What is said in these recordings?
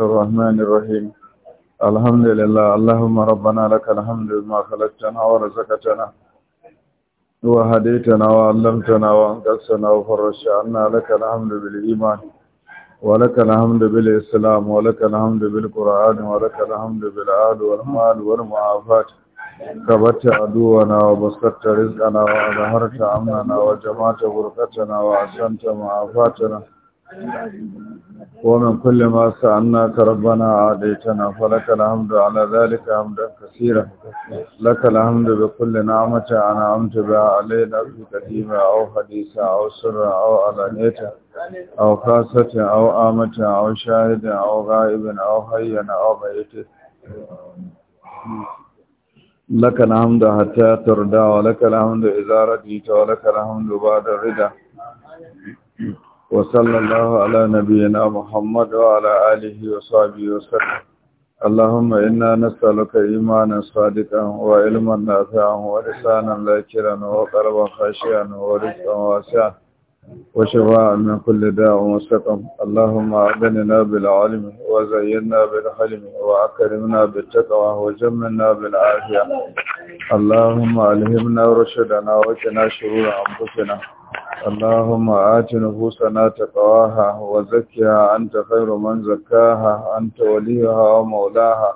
الرحمن الرحيم الحمد لله اللهم ربنا لك الحمد ما خلقتنا ورزقتنا وهديتنا وعلمتنا وانقذتنا وفرجت عنا لك الحمد بالإيمان ولك الحمد بالإسلام ولك الحمد بالقرآن ولك الحمد بالآل والمال والمعافات كبت عدونا وبسطت رزقنا وأظهرت أمننا وجمعت بركتنا وأحسنت معافاتنا ومن كل ما سألناك ربنا عاديتنا فلك الحمد على ذلك حمدا كثيرا لك الحمد بكل نعمة أنعمت بها علينا في قديمة أو حديثة أو سرة أو علانية أو خاصة أو آمة أو شاهد أو غائب أو حي أو ميت لك الحمد حتى ترضى ولك الحمد إذا رضيت ولك الحمد بعد الرضا وصلى الله على نبينا محمد وعلى آله وصحبه وسلم اللهم إنا نسألك إيمانا صادقا وعلما نافعا ولسانا ذاكرا وقلبا خاشعا ورزقا واسعا وشفاء من كل داء وسقم اللهم أعدننا بالعلم وزينا بالحلم وأكرمنا بالتقوى وجملنا بالعافية اللهم ألهمنا رشدنا وكنا شرور أنفسنا اللهم آت نفوسنا تقواها وزكها أنت خير من زكاها أنت وليها ومولاها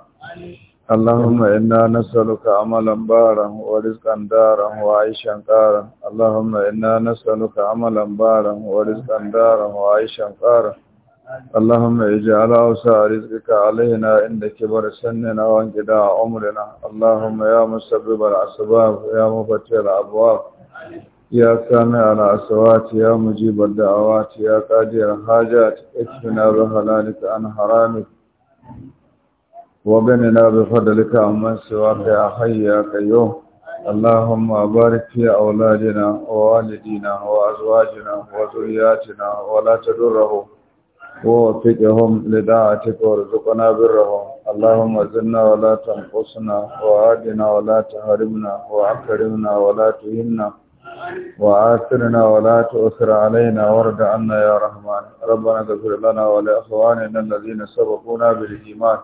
اللهم إنا نسألك عملا بارا ورزقا دارا وعيشا قارا اللهم إنا نسألك عملا بارا ورزقا دارا وعيشا قارا اللهم اجعل أوسع رزقك علينا عند كبر سننا وانقضاء عمرنا اللهم يا مسبب الأسباب يا مفتح الأبواب يا سامع الأصوات يا مجيب الدعوات يا قاضي الحاجات اكفنا بحلالك عن حرامك وبننا بفضلك عمن سواك يا حي يا قيوم اللهم بارك في أولادنا ووالدينا وأزواجنا وذرياتنا ولا تضرهم ووفقهم لدعاتك وارزقنا برهم اللهم زلنا ولا تنقصنا وعادنا ولا تحرمنا وأكرمنا ولا تهنا وآثرنا ولا تؤثر علينا وارد عنا يا رحمن ربنا اغفر لنا ولإخواننا الذين سبقونا بالإيمان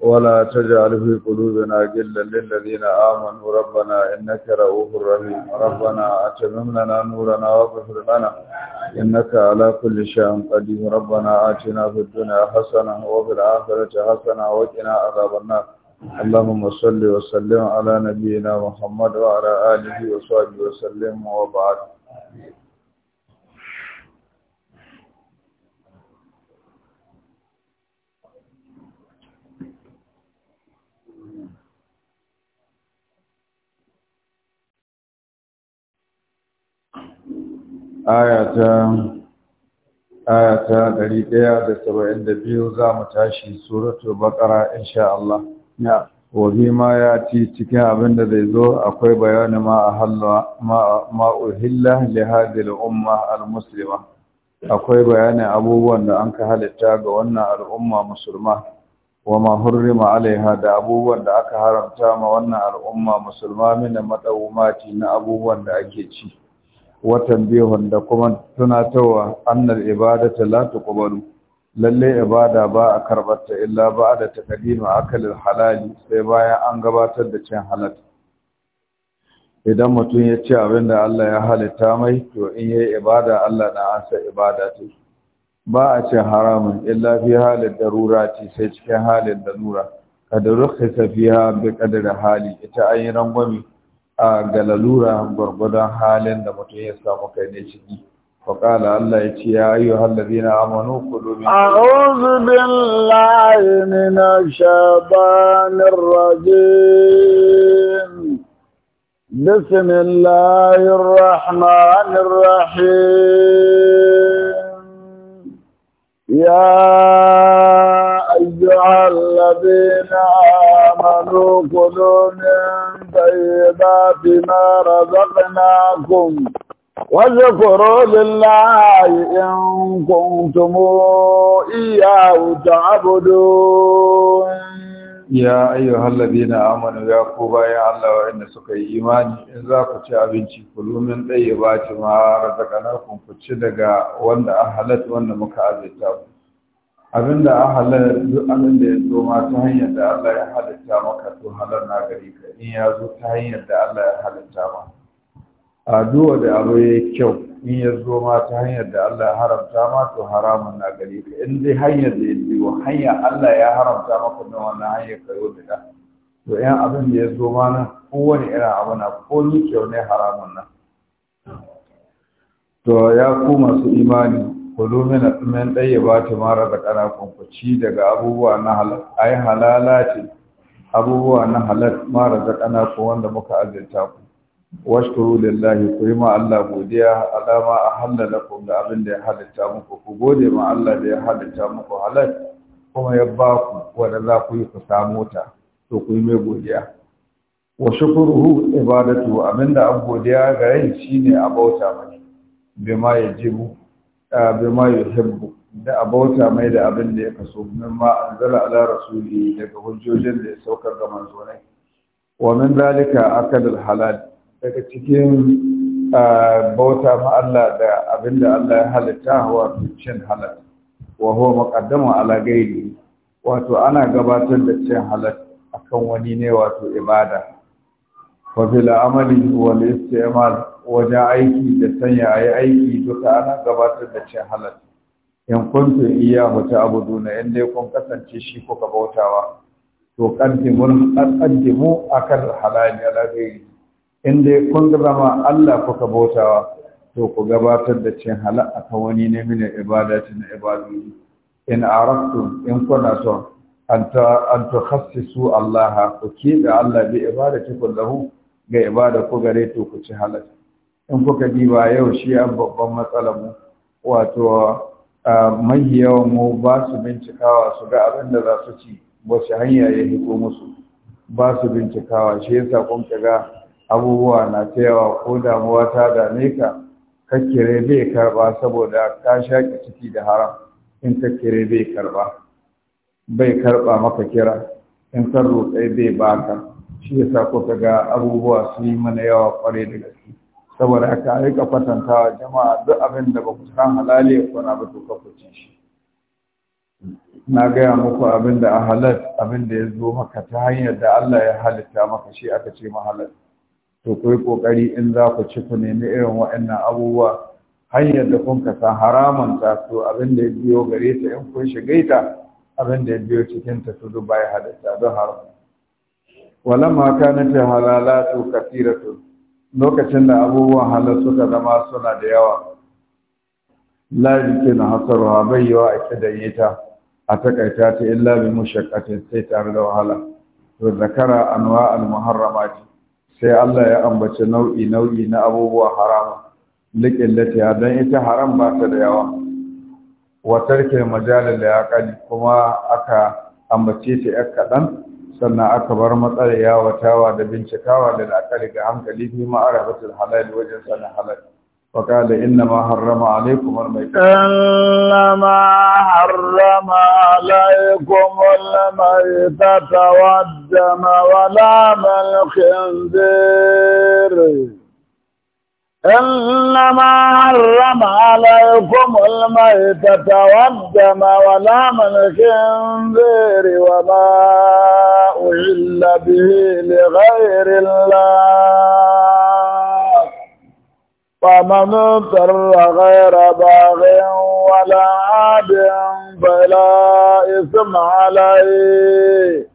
ولا تجعل في قلوبنا غلا للذين آمنوا ربنا إنك رؤوف رحيم ربنا أتمم لنا نورنا واغفر لنا إنك على كل شيء قدير ربنا آتنا في الدنيا حسنة وفي الآخرة حسنة وقنا عذاب النار اللهم صل وسلم على نبينا محمد وعلى آله وصحبه وسلم وبعد آية آية 172 زامتاشي سورة البقرة إن شاء الله wa ma ya ci cikin abin da zai zo akwai bayani ma a halla ma umma al-muslima akwai bayanin abubuwan da an ka halitta ga wannan al'umma musulma wa ma hurrima alaiha da abubuwan da aka haramta ma wannan al'umma musulma mina madawmati na abubuwan da ake ci watan biyu da kuma tunatawa annal ibadatu la tuqbalu lalle ibada ba a karbarta illa ba da taqdimu akalil halali sai bayan an gabatar da cin halal idan mutum ya ce abin da Allah ya halitta mai to in yayi ibada Allah na ansa ibada ta ba a cin haramun illa fi halin darura ce sai cikin halin darura kada rukhsa fiha bi qadri hali ita an yi rangwami a galalura lalura halin da mutum ya samu kai ne ciki وقال الله يتي يا أيها الذين آمنوا كلوا من أعوذ بالله من الشيطان الرجيم بسم الله الرحمن الرحيم يا أيها الذين آمنوا كلوا من طيبات ما رزقناكم واذكروا لله إن كنتم إياه تعبدون يا أيها الذين آمنوا يا كوبا يا الله وإن سكي إيماني إن ذاك تعبنتي كل من طيبات ما رزقناكم فتشدق وأن أهلت وأن مكازتاب abin da an halar duk abin da ya zo ma ta hanyar da Allah ya halitta maka to halar na gari ka in ya zo ta hanyar da Allah ya halitta maka a da abu ya yi kyau in ya zo ma ta hanyar da Allah ya haramta ma to haramun na gare ka in dai hanyar da ya biyo hanya Allah ya haramta ku na wannan hanyar ka yau da to yan abin da ya zo ma nan kowane irin abu na ko ni kyau ne haramun nan to ya ku masu imani ku na min ɗaya ba ta mara da ƙana kwankwaci daga abubuwa na halal ai halala ce abubuwa na halal mara da ƙana ko wanda muka azurta ku washkuru lillahi ku yi ma Allah godiya alama a halala ku da abin da ya halitta muku ku gode ma Allah da ya halitta muku halal kuma ya ba ku wanda za ku yi ku samu ta to ku yi mai godiya wa ibadatu abinda da an godiya ga rai shine a bauta mai bima yajibu bima yuhibbu da abauta mai da abin da ya kaso mimma anzala ala rasuli daga hujjojin da ya saukar ga manzonai wa min zalika akadul halal daga cikin ah, bauta ma Allah da abinda Allah ya halitta wa cin halal wa huwa muqaddamu ala wato ana gabatar da cin halal akan wani ne wato ibada wa fil amali wal wajen aiki da sanya ayi aiki duka ana gabatar da cin halal in kuntu iyyahu ta'buduna in dai kun kasance shi kuka bautawa to kan timu akan halali ala ghairi in dai kun zama Allah kuka bautawa to ku gabatar da cin halal kan wani ne ibada ibadati na ibaduni in arabtu in kuna so an ta khassisu Allah ku da Allah bi ibadatikum lahu ga ibada ku gare to ku ci halal in kuka diba yau shi an babban matsala mu wato mai yawa mu ba su bincikawa su ga abin da za su ci wasu hanya ya hiko musu ba su bincikawa shi yasa kun ga abubuwa na ta yawa ko damuwa ta dame ka kakkire bai karba saboda ka shaƙi ciki da haram in kakkire bai karba bai karba maka kira in kan roƙai bai baka shi ya sa ko ga abubuwa su yi mana yawa kwarai da gaske saboda aka rika kwatantawa jama'a duk abin da ba ku san halali ya kwana ba to kafucin shi na gaya muku abin da a halal abin da ya zo maka ta hanyar da Allah ya halitta maka shi aka ce ma halal to ku yi ƙoƙari in za ku ci ku nemi irin waɗannan abubuwa hanyar da kun san haramun ta to abin da ya biyo gare ta in kun shiga ta abin da ya biyo cikin ta su ba ya halatta don haram walamma kanat halalatu kathiratu lokacin da abubuwan halal suka zama suna da yawa la yumkin bai bayyawa a ta a takaita ta illa bi mushaqqatin sai tare da wahala to zakara anwa al muharramati sai Allah ya ambaci nau'i nau'i na abubuwa haramun liƙillatiya don ita haram ba ta da yawa watar ke majalin da ya kali kuma aka ambace ta ‘yar kaɗan sannan aka bar matsala yawatawa da bincikawa da la'akari ga hankali fi ma'arafatul halal wajen sanin halal فقال إنما حرم عليكم الميتة إنما حرم عليكم الميتة والدم ولام الخنزير إنما حرم عليكم الميتة والدم ولام الخنزير وما أهل به لغير الله فمن اضطر غير باغ ولا عاد فلا إثم عليه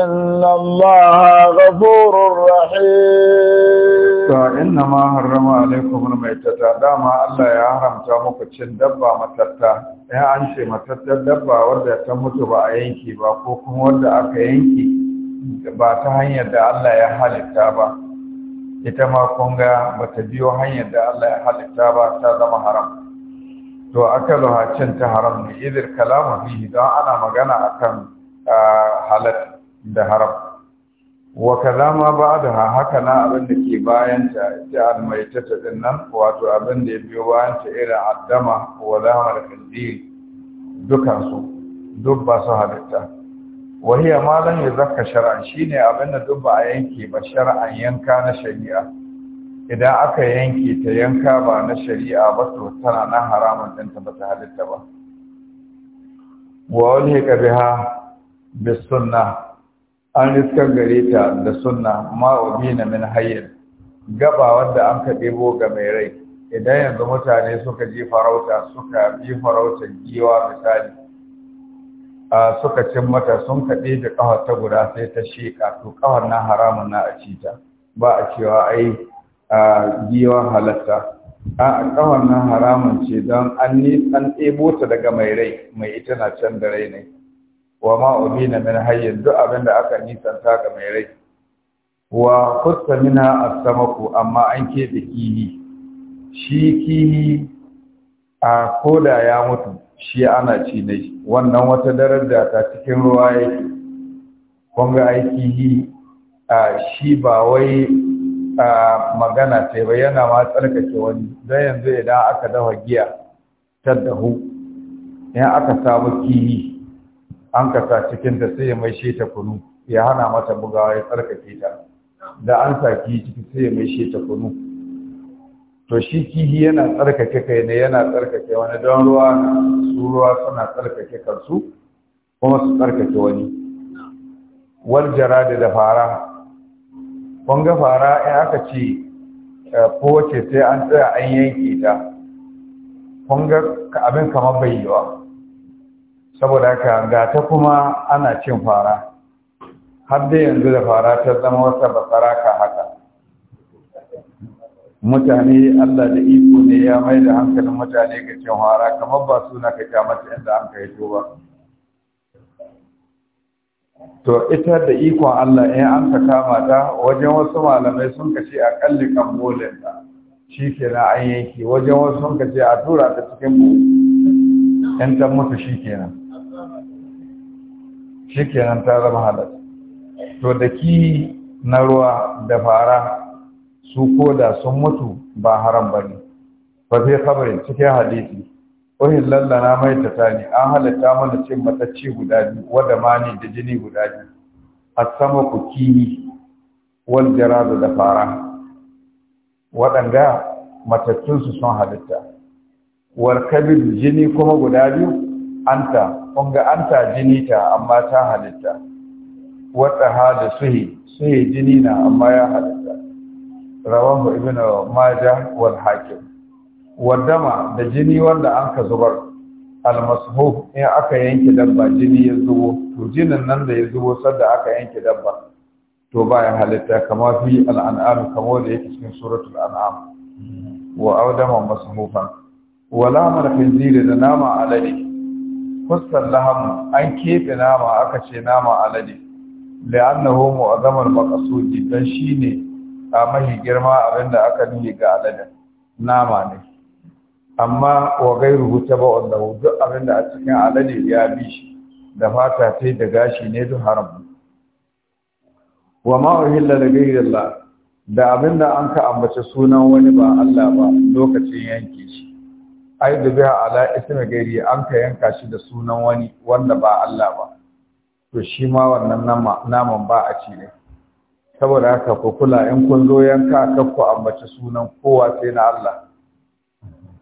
إن الله غفور رحيم فإنما حرم عليكم الميتة دام الله يا حرم تامك تشن دبا متتا يا أنشي متتا دبا ورد تموت بأينكي باقوكم ورد أكينكي ba ta hanyar da Allah ya halitta ba ita ma kunga bata biyo hanyar da Allah ya halitta ba ta zama haram to aka hacin ta haram ne idir kalamu fihi don ana magana akan halat da haram wa kalama da haka na abin da ke bayan ita almaitata din nan wato abin da ya biyo bayan ta irin addama wa lamar kandil dukansu duk ba su halitta wahiya ma lam yuzakka shi shine abin da duk ba a yanke ba shar'an yanka na shari'a idan aka yanke ta yanka ba na shari'a ba to tana na haramun din ta bata halitta ba wa ulhiqa biha bis sunnah an riskan gare ta da sunna ma ubina min hayyar. gaba wanda an ka debo ga mai rai idan yanzu mutane suka je farauta suka bi farautar giwa misali suka cin mata sun kaɗe da ƙawar ta guda sai ta sheƙa to ƙawar na haramun na a ci ba a cewa ai giwa halatta a ƙawar na haramun ce don an ɗebo ta daga mai rai mai ita na can da rai ne wa ma'obi na min hayyar duk abin da aka nisanta ga mai rai wa kusa mina a samaku amma an keɓe kihi shi kihi a koda ya mutu shi ana ci ne wannan wata daraja ta cikin ruwa yake kun ga aiki a shi ba wai a magana ce ba yana ma tsarkake wani don yanzu idan aka dafa giya ta dahu in aka samu kihi an kasa cikin ta sai ya mai shi ta kunu ya hana mata bugawa ya tsarkake ta da an sa kihi ciki sai ya mai shi ta kunu to shi kihi yana tsarkake kai ne yana tsarkake wani don ruwa su ruwa suna tsarkake kansu kuma su tsarkake wani wal jarada da fara kun ga fara in aka ce eh, wace sai an tsaya an yanke ta kun ga abin kamar bai yiwa saboda haka ga ta kuma ana cin fara har da yanzu da fara ta zama wata basara ka mutane Allah da iko ne ya mai da hankalin mutane ga cin hara kamar ba suna ka kyamata inda an kai to ba to ita da ikon Allah in an ka kama ta wajen wasu malamai sun kace a kalli kan bolin ta shi kenan an wajen wasu sun kace a tura ta cikin mu in ta mutu shi kenan shi kenan ta zama halatta to da ki na ruwa da fara su ko da sun mutu ba haram ba ne fa sai khabarin cikin hadisi ohin lallana mai ta ne an halatta mana cin matacci guda biyu wadda ne da jini guda biyu a sama ku kini, wal jaradu da fara waɗanda matattunsu sun halitta wal kabir jini kuma guda biyu anta kunga anta jini ta amma ta halitta wata ha da suhi suhi jini na amma ya halitta rawahu ibn majah wal hakim wadama da jini wanda an ka zubar al mashuh in aka yanke dabba jini ya zubo to jinin nan da ya zubo sadda aka yanke dabba to baya halitta kama fi al an'am kama da yake cikin suratul an'am wa awdama mashuhan wala man khinzir da nama alade fustan laham an keɓe nama aka ce nama alade da annahu mu'azzamal dan shine a mahi girma abinda aka nuna ga aladen nama ne amma wa gairu rubuta ba wanda duk abinda a cikin alade ya bi shi da fata sai da gashi ne duk haram wa ma da gairillah da abinda an ka ambace sunan wani ba Allah ba lokacin yanke shi ai da biya ala ismi gairi an ka yanka shi da sunan wani wanda ba Allah ba to shi ma wannan naman ba a ce ne saboda haka ku kula in kun zo yanka kar ku ambaci sunan kowa sai na Allah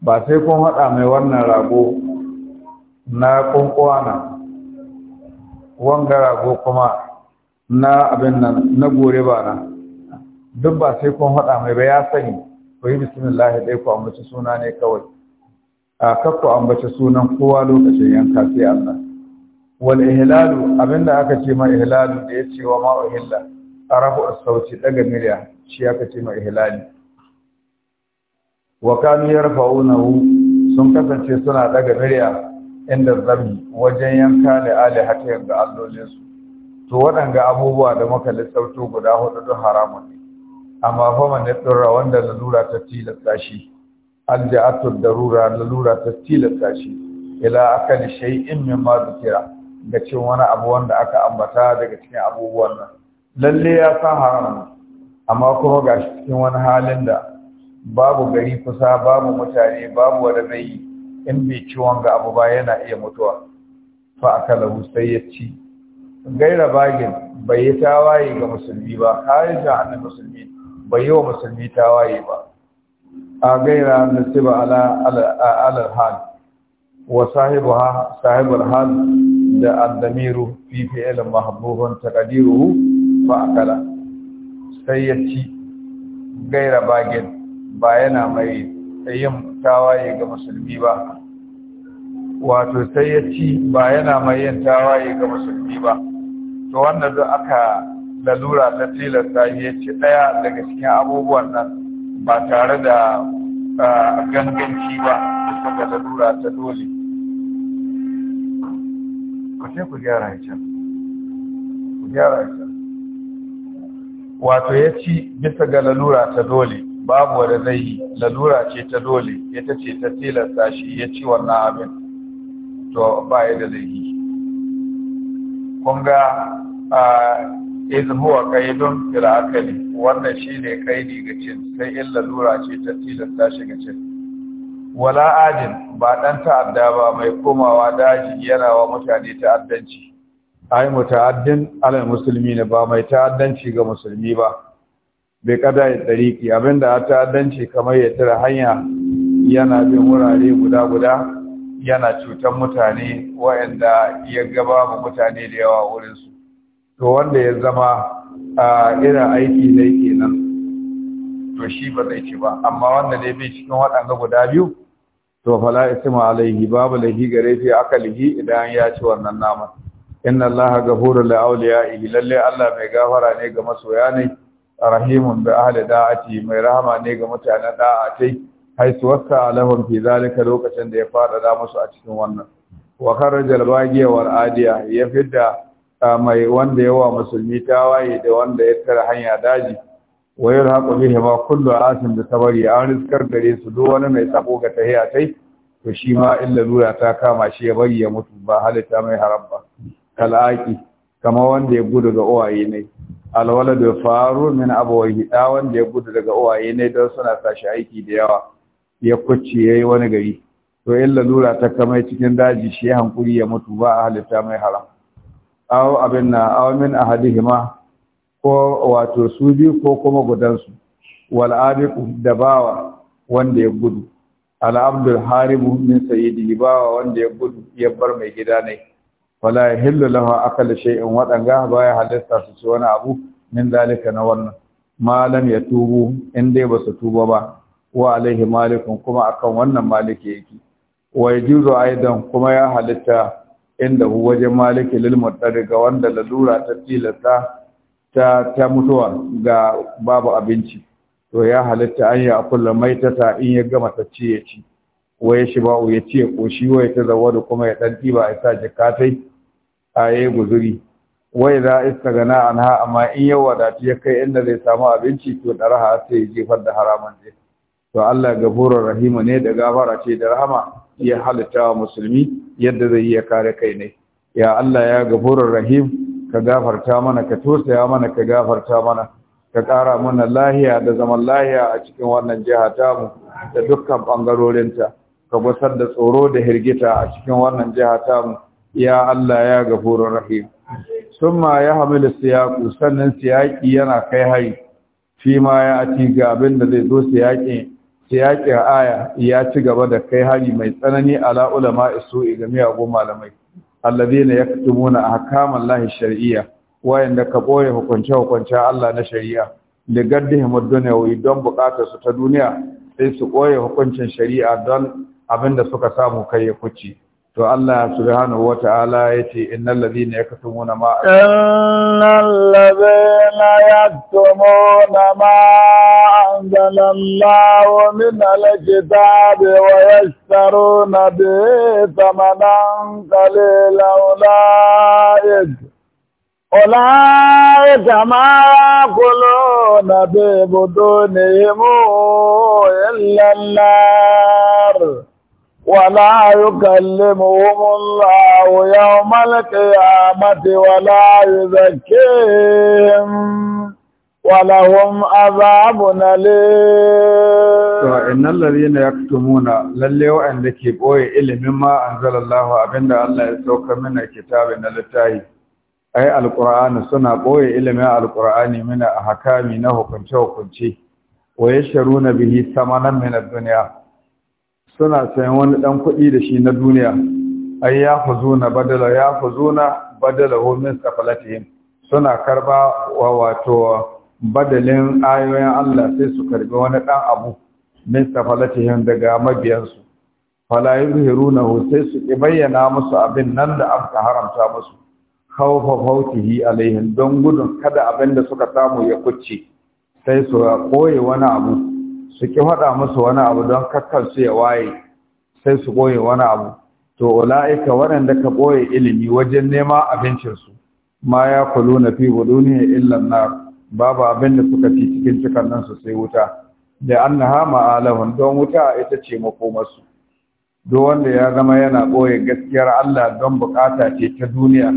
ba sai kun haɗa mai wannan rago na na wanga rago kuma na abin nan na gore ba na duk ba sai kun haɗa mai ba ya sani ku yi bismillah dai ku ambaci suna ne kawai a kakku ambaci sunan kowa lokacin yanka sai Allah wal ihlalu abinda aka ce ma ihlalu da ya ce wa ma uhilla rafu as-sauti daga murya shi aka ce mai hilali wa kanu yarfa'unahu sun kasance suna daga murya inda zabi wajen yanka da alihatin ga allolinsu to waɗanga abubuwa da muka lissauto guda hudu duk haramun ne amma fa man wanda lalura ta tilasta shi alja'atu darura lalura ta tilasta shi ila akali shay'in mimma zikira ga cin wani abu wanda aka ambata daga cikin abubuwan nan lalle ya san haram amma kuma gashi cikin wani halin da babu gari kusa babu mutane babu wani zai yi in bai ciwon ga abu ba yana iya mutuwa fa lahu sai ya ci gaira bagin bai yi tawaye ga musulmi ba kayan da musulmi bai yi wa musulmi tawaye ba a gaira na ci ba alal hal wa sahibu hal da addamiru fi fi'ilin mahabbuhun takadiru ba akala sai ya ci gaira bagin ba yana mai yin tawaye ga musulmi ba wato sai ya ci ba yana mai yin tawaye ga musulmi ba to wannan zai aka lalura ta tilasta ya ci ɗaya daga cikin abubuwan nan ba tare da ganganci ba saka lalura ta dole ku ku gyara ya ku gyara ya wato ya ci bisa ga lalura ta dole babu wanda zai yi lalura ce ta dole ita ce ta tilasta shi ya ci wannan abin to ba ya da zai yi Kunga, kun ga izhuwa kaidun filakali wannan shi ne kaidi ga cin sai in lalura ce ta tilasta shi ga cin wala ajin ba ɗan ta'adda ba mai komawa daji yana wa mutane ta'addanci ai muta'addin alal ne ba mai ta'addanci ga musulmi ba bai kada ya dariki abinda ya ta'addanci kamar ya tira hanya yana bin wurare guda guda yana cutar mutane waanda ya gaba ma mutane da yawa wurin su to wanda ya zama a irin aiki ne kenan to shi ba zai ci ba amma wanda ne bai cikin waɗanda guda biyu to fala isma alaihi babu lahi gare aka akalihi idan ya ci wannan naman inna allaha ghafurul Ihi lalle Allah mai gafara ne ga masoya ne rahimun bi ahli da'ati mai rahama ne ga mutanen da'a haitsu wasa alahum fi zalika lokacin da ya fada da musu a cikin wannan wa kharaja wal adiya ya fidda mai wanda yawa musulmi ta waye da wanda ya tara hanya daji wa yarhaqu bihi ma kullu asim da sabari an riskar gare su duk wani mai sako ga tahiya tai to shi ma illa lura ta kama shi ya bari ya mutu ba halitta mai haramba. kal'aki kama wanda ya gudu ga uwaye ne alwala da faru min abawai da wanda ya gudu daga uwaye ne don suna tashi aiki da yawa ya kucce yayi wani gari to in lalura ta kamar cikin daji shi ya hankuri ya mutu ba a halitta mai haram aw abin na aw min ahadihima ko wato su biyu ko kuma gudansu wal da bawa wanda ya gudu al abdul haribu min sayyidi bawa wanda ya gudu ya bar mai gida ne wala yahillu lahu akal shay'in wadanga baya halasta su ci wani abu min dalika na wannan malam ya tubu in dai ba su tuba ba wa alaihi malikun kuma akan wannan maliki yake wa yajuzu aidan kuma ya halitta inda hu wajen maliki lil muttari ga wanda lalura ta tilasta ta ta mutuwa ga babu abinci to ya halitta an ya kulla maitata in ya gama ta ci ya ci wa ya shiba ya ci ya koshi wa ya kuma ya dan ba ya sa jikatai a guzuri wai za iska gana an ha amma in yau wadatu ya kai inda zai samu abinci to raha sai ya jefar da haraman zai to Allah gafura rahima ne da gafara ce da rahama ya halitta wa musulmi yadda zai iya kare kai ne ya Allah ya gafura rahim ka gafarta mana ka tosaya mana ka gafarta mana ka ƙara mana lahiya da zaman lahiya a cikin wannan jiha tamu da dukkan ɓangarorinta ka gusar da tsoro da hirgita a cikin wannan jiha tamu ya Allah ya gafurur rahim summa ya hamilu siyaqu sannan siyaqi yana kai hari fi ma ya ati ga abin da zai zo siyaqi siyaqi aya ya ci gaba da kai hari mai tsanani ala ulama isu'i iga miyagun malamai alladhina a ahkama lahi shar'iyya wayanda ka boye hukunce hukunce Allah na shari'a da gaddihim ad don bukatar su ta duniya sai su boye hukuncin shari'a don abin da suka samu kai ya kuce to Allah subhanahu wata'ala yace innal ladina yaktumuna ma innal ladina yaktumuna ma anzalallahu min alkitabi wa yashtaruna bi thamanan qalilan ulaik أولئك ما يأكلون ببطونهم إلا النار wala yu kalli mu wumun lawo ya o malaka ya mati wala yu zake wala a za abu na le. Sọ lalle wa ke ɓoye ilimin ma an abinda Allah ya sauka mana kitabin na littafi. Ai alƙur'ani suna ɓoye ilimin alƙur'ani mana a hakami na hukunce-hukunce. Wa ya sharu na bihi samanan mina duniya. suna sayan wani ɗan kuɗi da shi na duniya ai ya fuzuna badala ya fuzuna badala homin safalatihim suna karba wa wato badalin ayoyin Allah sai su karbi wani ɗan abu min safalatihim daga mabiyansu fala yuzhirunahu sai su ki bayyana musu abin nan da aka haramta musu khawfa fawtihi alaihim don gudun kada abin da suka samu ya kucce sai su koye wani abu su ki faɗa musu wani abu don kakkar su ya waye sai su ɓoye wani abu to ula'ika waɗanda ka ɓoye ilimi wajen nema abincinsu ma ya kulu na fi buduniya illan na babu abin da suka ci cikin cikan nan su sai wuta da an na hama alahun don wuta ita ce makomarsu Do wanda ya zama yana ɓoye gaskiyar Allah don bukata ce ta duniya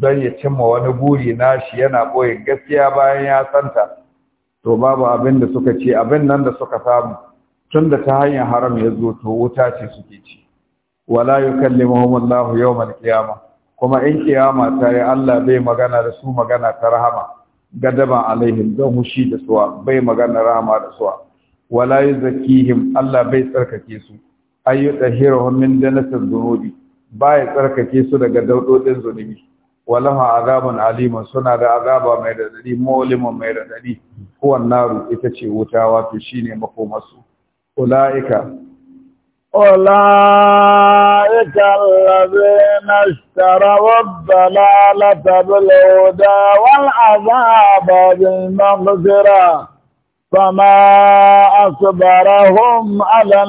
don ya cimma wani buri nashi yana ɓoye gaskiya bayan ya santa to babu abin da suka ce abin nan da suka samu tun da ta hanyar haram ya zo to wuta ce suke ci wala yukallimuhum Allah yawmal qiyamah kuma in kiyama ta yi Allah bai magana da su magana ta rahama gadaba alaihim don hushi da suwa bai magana rahama da suwa wala yuzakkihim Allah bai tsarkake su ayyutahhiruhum min danatil dunubi bai tsarkake su daga daudodin zunubi Walama ha azabun alim suna da azaba mai radadi mulimu mai radadi kuwan naru ita ce wuta wato shine makomasu ulaika ulaika allazina ishtarawa dalalata bil huda wal azaba bil maghfira fama asbarahum ala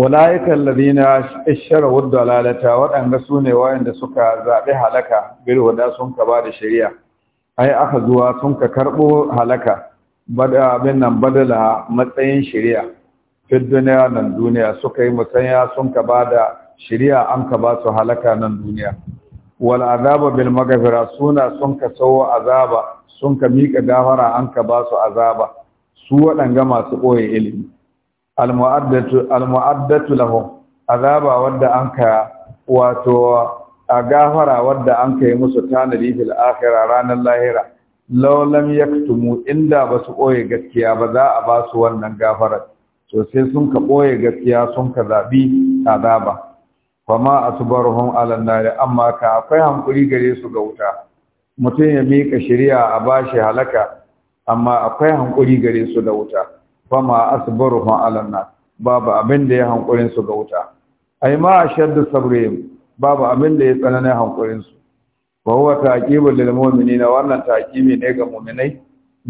ula'ikan ladina isharawar dalalata waɗanda sune wayanda suka zaɓi halaka bilhuda sun ka ba da shari'a ai aka zuwa sun ka karɓo halaka abin nan badala matsayin shari'a fit duniya nan duniya suka yi musanya sun ka ba da shari'a an ka ba su halaka nan duniya wal azaba bil suna sun ka sawo azaba sun ka miƙa gafara an ka ba su azaba su waɗanga masu ɓoye ilimi al-mu'addatu lahum azaba wanda anka wato a gafara wadda an kai musu tanadi fil akhirah ranar lahira law lam yaktumu inda ba su koye gaskiya ba za a ba su wannan gafarar to sai sun ka koye gaskiya sun ka zabi azaba fama asbaruhum ala nar amma ka akwai hankuri gare su ga wuta mutum ya mika shari'a a bashi halaka amma akwai hankuri gare su da wuta fama asbaruhum ala nar babu abin da ya hankurin su ga wuta ai ma ashaddu sabrihim babu abin da ya tsanana hankurin su wa huwa taqibul lil mu'minina wannan taqibi ne ga mu'minai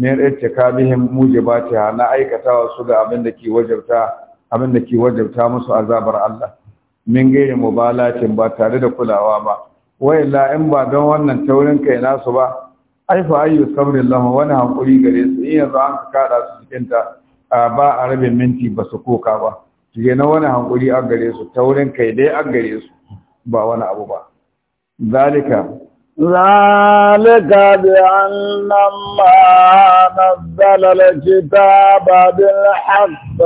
ka irtikabihim mujibatiha na aikatawa su ga abin da ke wajabta abin da ke wajabta musu azabar Allah min gairi mubalatin ba tare da kulawa ba la in ba don wannan taurin kai nasu ba ai fa ayyu sabrillahu wani hankuri gare su in yanzu an kada su cikin ta ba a rabin minti ba su koka ba tuge na wani hankuri an gare su taurin kai dai an gare su ba wani abu ba zalika zalika bi ma nazzala kitaba bil haqq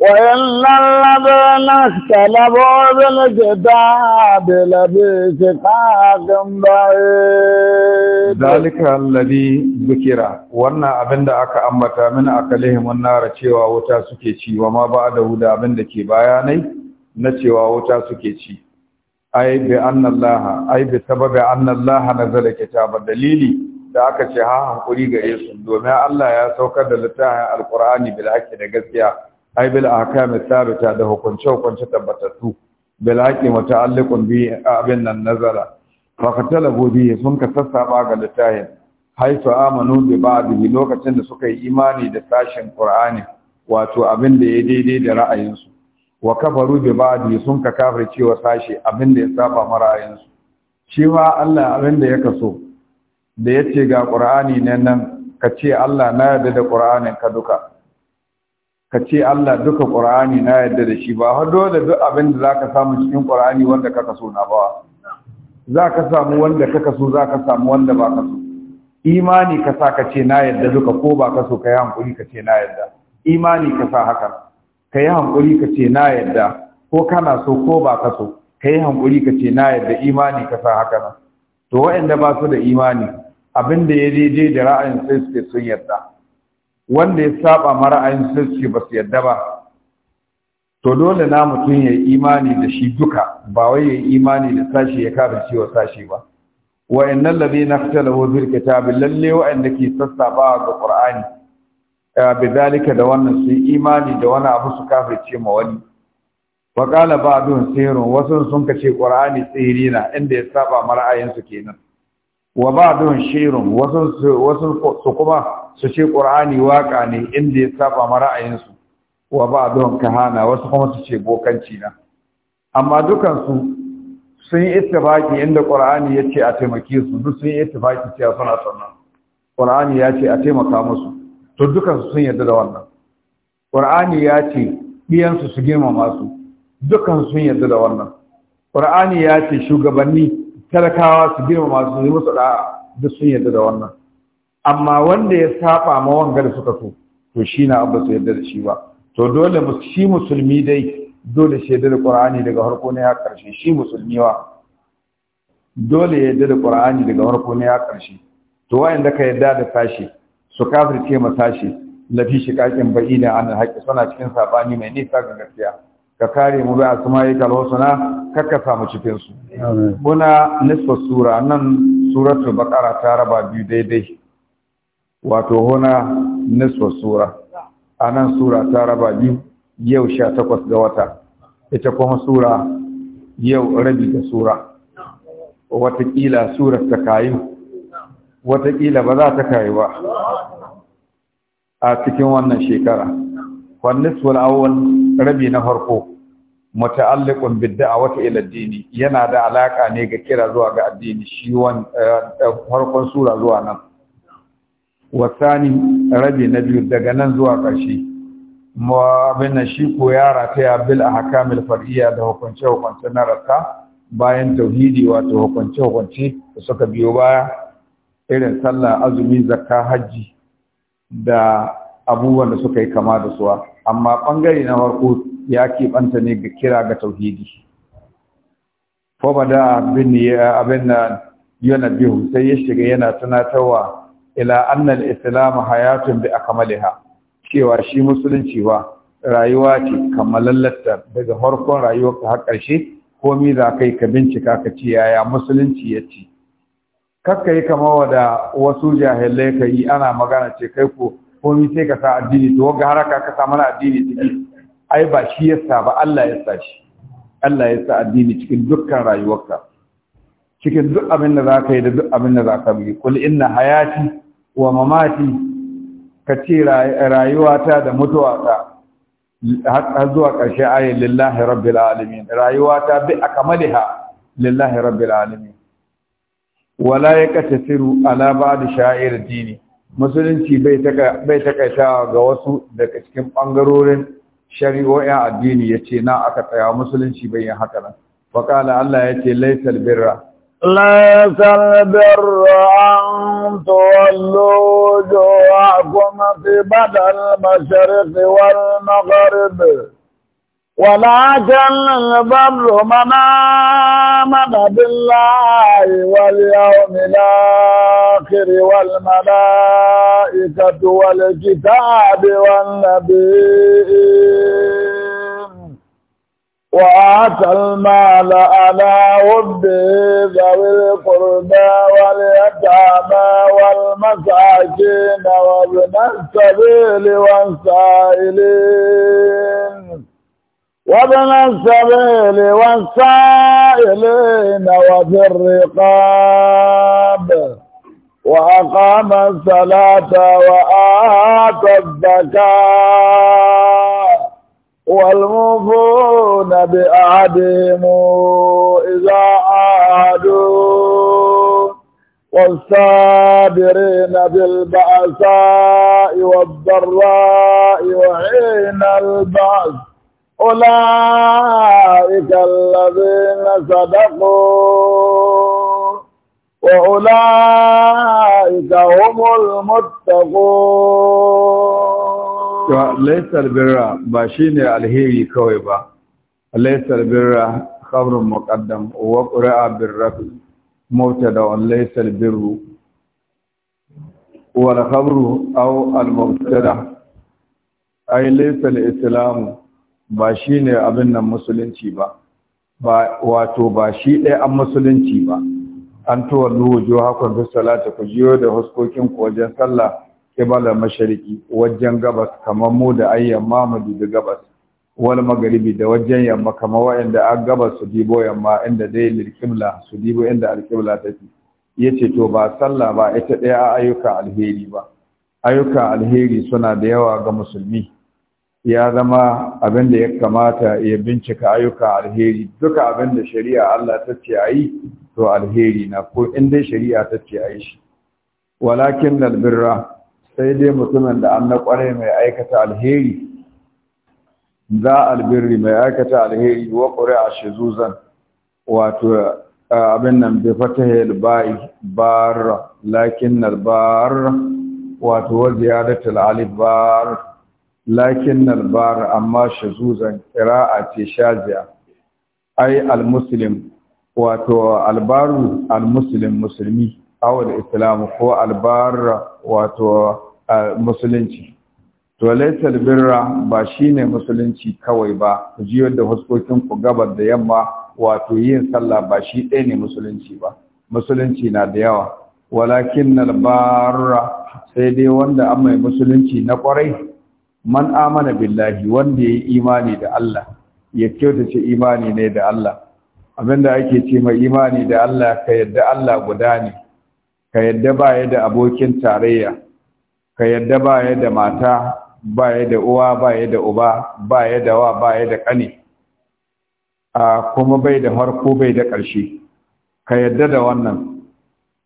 وإن الذين اختلفوا بالكتاب لفي شقاق بعيد ذلك الذي ذكر وانا أبند أكا أمتا من أكلهم النار تشيوا وتا سكيتشي وما بعده دا أبند كي بياني نتشيوا وتا سكيتشي أي بأن الله أي بسبب أن الله نزل كتاب دليلي da aka ce ha hankuri gare su domin Allah ya saukar da littafin alkur'ani bil haqqi da gaskiya ai bil ahkam thabita da hukunce hukunce tabbatattu bil haqi muta'alliqun bi abin nan nazara fa katala bi sun ka sassaba ga littafin haitu amanu bi ba'dihi lokacin da suka yi imani da sashin qur'ani wato abin da ya daidai da ra'ayinsu wa kafaru bi ba'di sun ka kafirce wa sashi abin da ya saba ma ra'ayinsu su cewa Allah abin da ya kaso da yace ga qur'ani nan nan ka ce Allah na yarda da qur'anin ka duka ka ce Allah duka Qur'ani na yadda da shi ba har da duk abin da za ka samu cikin Qur'ani wanda kaka so na ba ka samu wanda kaka so ka samu wanda ba ka so imani ka sa ka ce na yadda duka ko ba ka so ka yi hankuri ka ce na yadda. imani ka sa haka ka yi hankuri ka ce na yadda. ko kana so ko ba ka so ka yi hankuri ka ce na yadda imani ka sa haka nan to waɗanda ba su da imani abin da ya daidai da ra'ayin sai suke sun yadda. wanda ya saba ma ra'ayin su ba su yadda ba to dole na mutum ya yi imani da shi duka ba wai ya yi imani da sashi ya kafa cewa sashi ba wa'annan labi na fitala wuzir kitabi lalle da ke sassabawa ga qur'ani eh, bidalika da wannan su imani da wani abu su kafirce ma wani wa ba don sirrin wasu sun ce qur'ani tsiri na inda ya saba ma ra'ayinsu su kenan wa a don wasu wasu su kuma su ce ƙur'ani waka ne inda ya saba ma ra'ayinsu wa don kahana wasu kuma su ce bokanci na amma dukan su sun yi ittifaki inda ƙur'ani ya ce a taimake su duk sun yi ittifaki cewa suna Ƙur'ani ya ce a taimaka musu to dukan su sun yarda da wannan Ƙur'ani ya ce su su girmama su dukan sun yarda da wannan Ƙur'ani ya ce shugabanni talakawa su girmama su yi musu da'a duk sun yarda da wannan amma wanda ya saba ma wanga da suka so to shi na abu su yadda da shi ba to dole shi musulmi dai dole shi yadda da qur'ani daga harko ne ya karshe shi musulmi wa dole ya yadda da qur'ani daga harko ne ya karshe to da ka yadda da sashi su ce ma sashi lafi bai da an haƙi suna cikin sabani mai nisa ga gaskiya ka kare mu ba asma kalwa suna kakka samu cikin su muna nisfa sura nan suratul baqara ta raba biyu daidai wato hona nisfa sura anan sura ta raba biyu yau sha takwas ga wata ita kuma sura yau rabi da sura watakila sura ta kayi watakila ba za ta kayi ba a cikin wannan shekara wannisful awwal rabi na farko muta'alliqun bidda ila wata dini yana da alaka ne ga kira zuwa ga addini shi wani eh, farkon sura zuwa nan wasani rabi na biyu daga nan zuwa ƙarshe nan shi ko yara ta ya bil a hakamil fariya da hukunce-hukunce na rasa bayan tauhidi wato hukunce-hukunce da suka biyo baya irin sallah azumi zakka hajji da abubuwan da suka yi kama da suwa amma ɓangare na farko ya keɓanta ne ga kira ga tauhidi ko ba da abin da yana biyu sai ya shiga yana tunatarwa ila annal islam hayatun bi akmaliha cewa shi musulunci wa rayuwa ce kammalallata daga farkon rayuwarka har ƙarshe mi za kai ka bincika ka ci yaya musulunci ya ci kakka yi kama wada wasu jahilai ka yi ana magana ce kai ko komi sai ka sa addini to wanga haraka ka sa mana addini ciki ai ba shi yasa ba Allah ya sa shi Allah ya sa addini cikin dukkan rayuwarka cikin duk abin da za ka yi da duk abin da za ka yi kul inna hayati wa mamati ka ce rayuwata da mutuwata har zuwa ƙarshe ayi lillahi rabbil alamin rayuwata bi akmaliha lillahi rabbil alamin wala yakatsiru ala ba'd sha'ir dini musulunci bai taka bai takaitawa ga wasu daga cikin bangarorin shari'o'in addini yace na aka tsaya musulunci bai yin haka nan wa qala Allah yace laysal birra ليس البر أن تولوا وجوهكم قبل المشرق والمغرب ولكن البر من آمن بالله واليوم الآخر والملائكة والكتاب والنبيين وآتى المال على وده ذوي القربى واليتامى والمساكين وابن السبيل والسائلين وابن السبيل والسائلين وفي الرقاب وأقام الصلاة وآتى الزكاة والمفون بأعدهم إذا عادوا والصابرين بالبأساء والضراء وحين البأس أولئك الذين صدقوا وأولئك هم المتقون to laisar birra ba shine alheri kawai ba laisar birra khabrun muqaddam wa qira'a birrafi mubtada wa laisar birru wal khabru aw al mubtada ay laisar islam ba shine abin nan musulunci ba ba wato ba shi ɗaya an musulunci ba an tuwallu wujuhakum bis salati ku jiyo da huskokin ku wajen sallah kibala mashariki wajen gabas kamar mu da ayyan mamadu da gabas wani magaribi da wajen yamma kamar wayanda a gabas su dibo yamma inda dai lirkimla su dibo inda alkibla ya yace to ba sallah ba ita ɗaya a ayyuka alheri ba ayyuka alheri suna da yawa ga musulmi ya zama abin da ya kamata ya bincika ayyuka alheri duka abin da shari'a Allah ta ce a yi, to alheri na ko in dai shari'a ta ce a yi shi walakin albirra sai dai mutumin da an na kware mai aikata alheri za albirri mai aikata alheri wa ƙure a shizuzan wato abin nan bai fata ba'i barra lakin nalbar wato wa ziyadatul alif bar lakin nalbar amma shizuzan qira'a ce shaziya ai almuslim wato albaru almuslim musulmi awal islam ko albara wato musulunci to birra ba shine musulunci kawai ba ku ji yadda huskokin ku gabar da yamma wato yin sallah ba shi ɗaya ne musulunci ba musulunci na da yawa walakin albarra sai dai wanda an mai musulunci na kwarai man amana billahi wanda yayi imani da Allah ya kyauta ce imani ne da Allah abinda ake ce mai imani da Allah ka yadda Allah guda ne ka yadda ba ya da abokin tarayya ka yadda ba ya da mata ba ya da uwa ba ya da uba ba ya da wa ba ya da ƙani, a kuma bai da harko bai da ƙarshe ka yadda da wannan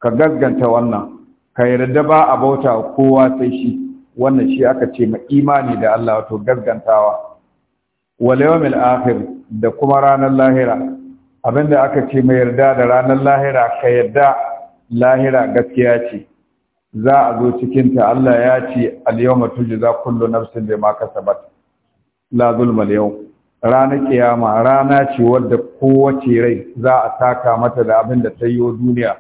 ka gaskanta wannan ka yarda ba a bauta kowa sai shi wannan shi aka ce ma imani da Allah wato gaskantawa wal yawmil akhir da kuma ranar lahira abinda aka ce mai yarda da ranar lahira ka yarda lahira gaskiya ce za a zo cikinta Allah ya ce al-yawma tujza kullu nafsin bima kasabat la zulma al-yawm ranar kiyama rana ce wadda kowace rai za a taka mata da abin da ta yi duniya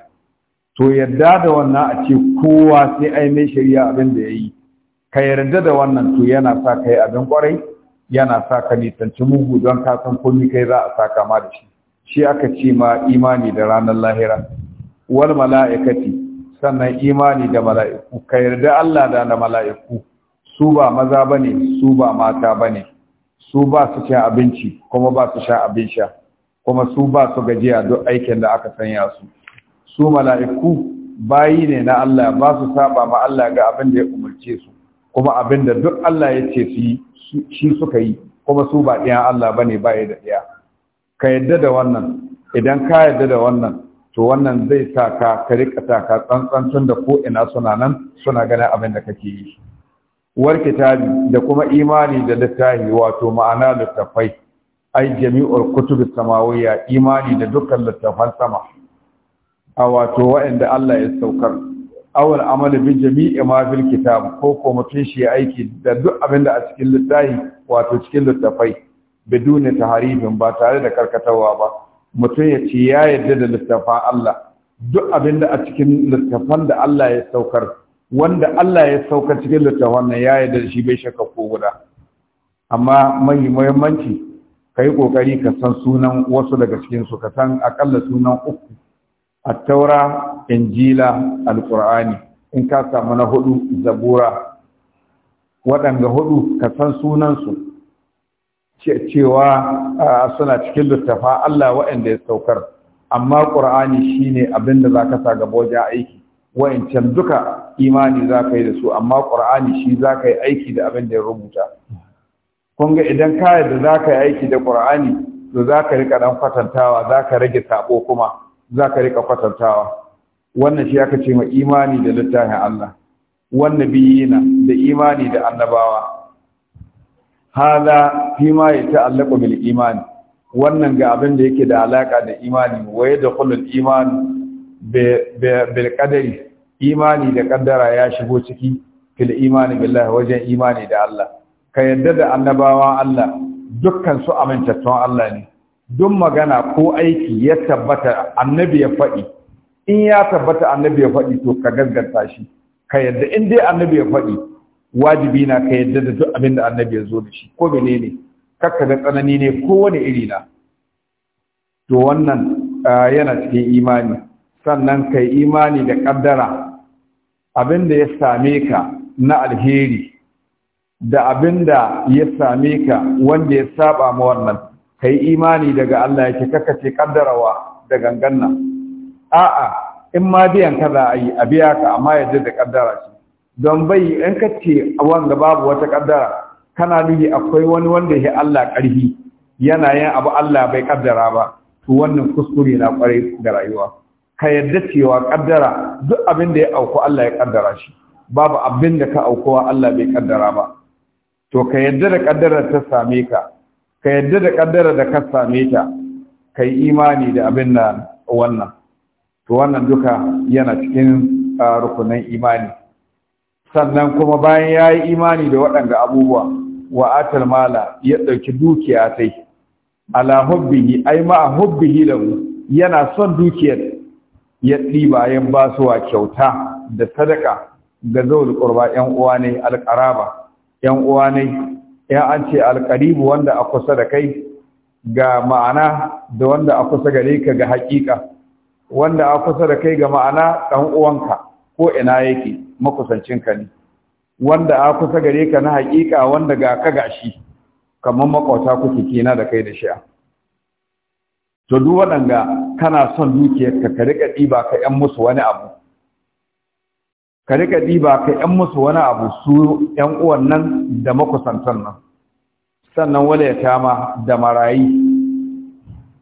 to yadda da wannan a ce kowa sai ai mai shari'a abin da ya ka yarda da wannan to yana sa kai abin kwarai yana sa ka nisanci mugu don ka san komi kai za a saka ma da shi shi aka ce ma imani da ranar lahira wal mala'ikati sannan imani da mala'iku ka yarda Allah da na mala'iku su ba maza bane su ba mata bane su ba su sha abinci kuma ba su sha abin sha kuma su ba su gajiya duk aikin da aka sanya su su mala'iku bayi ne na Allah ba su saba ma Allah ga abin da ya umarce su kuma abin da duk Allah ya ce su yi shi suka yi kuma su ba ɗaya Allah bane ba ya da ɗaya. ka yarda da wannan idan ka yarda da wannan to wannan zai sa ka ka ta taka tsantsan tun da ko ina suna nan suna ganin abin da kake yi war kitabi da kuma imani da littafi wato ma'ana littafai ai jami'ul kutub samawiyya imani da dukkan littafan sama a wato wa'anda Allah ya saukar awal amali bi jami'i ma fil kitab ko ko mutun shi aiki da duk abin da a cikin littafi wato cikin littafai biduni taharifin ba tare da karkatawa ba mutum ya ce ya yarda da littafan Allah duk abin da a cikin littafan da Allah ya saukar wanda Allah ya sauka cikin littafan nan ya yarda shi bai shakka ko guda amma mai muhimmanci ka yi ƙoƙari ka san sunan wasu daga cikinsu ka san aƙalla sunan uku a taura injila alƙur'ani in ka samu na hudu zabura waɗanda hudu ka san sunansu cewa suna cikin littafa Allah waɗanda ya saukar amma ƙur'ani shine abin da zaka sa gaba wajen aiki wa'ancan duka imani zaka yi da su amma ƙur'ani shi zaka yi aiki da abin da ya rubuta kun ga idan ka za zaka yi aiki da ƙur'ani to zaka rika dan kwatantawa zaka rage sabo kuma zaka rika kwatantawa wannan shi aka ce ma imani da littafin Allah wannan biyina da imani da annabawa hada ma ya allaka bil imani wannan ga abin da yake da alaka da imani waye da kullul imani bil kadari imani da kaddara ya shigo ciki fil imani billahi wajen imani da Allah ka yadda da annabawa Allah dukkan su amintattun Allah ne duk magana ko aiki ya tabbata annabi ya faɗi in ya tabbata annabi ya faɗi to ka gaggarta shi ka yadda in dai annabi ya faɗi wajibi na ka yadda da duk abin da annabi ya zo da shi ko menene kakka ga tsanani ne ko wani iri na to wannan yana cikin imani sannan kai imani da kaddara abin da ya same ka na alheri da abin da ya same ka wanda ya saba ma wannan kai imani daga Allah yake ce kaddarawa da ganganna a'a in ma biyan ka za a yi a biya ka amma yadda da kaddara ce don bai in ka ce wanda babu wata kaddara kana nihi akwai wani wanda ya Allah ƙarfi yana yin abu Allah bai kaddara ba to wannan kuskure na kwarai da rayuwa ka yadda cewa kaddara duk abin da ya auku Allah ya kaddara shi babu abin da ka aukuwa Allah bai kaddara ba to ka yadda da kaddara ta same ka ka yadda da kaddara da ka same ta ka yi imani da abin da wannan to wannan duka yana cikin ah, rukunin imani sannan kuma bayan ya yi imani da waɗanda abubuwa wa atal mala ya ɗauki dukiya ta yi ala hubbihi ai a hubbihi mu yana son dukiyar ya ɗi bayan ba su wa kyauta da sadaka ga zaul qurba yan uwa ne alqaraba yan uwa ne ya an ce alqaribu wanda a kusa da kai ga ma'ana da wanda a kusa gare ka ga haƙiƙa wanda a kusa da kai ga ma'ana ɗan uwanka ko ina yake makusancinka ne wanda a kusa gare ka na hakika wanda ga ka gashi kamar makwata kuke kina da kai da shi to duk waɗanda kana son duke ka rika ɗiba ka ‘yan musu wani abu ka rika ɗiba ka ‘yan musu wani abu su ‘yan uwan nan da makusantan nan sannan wale ya tama da marayi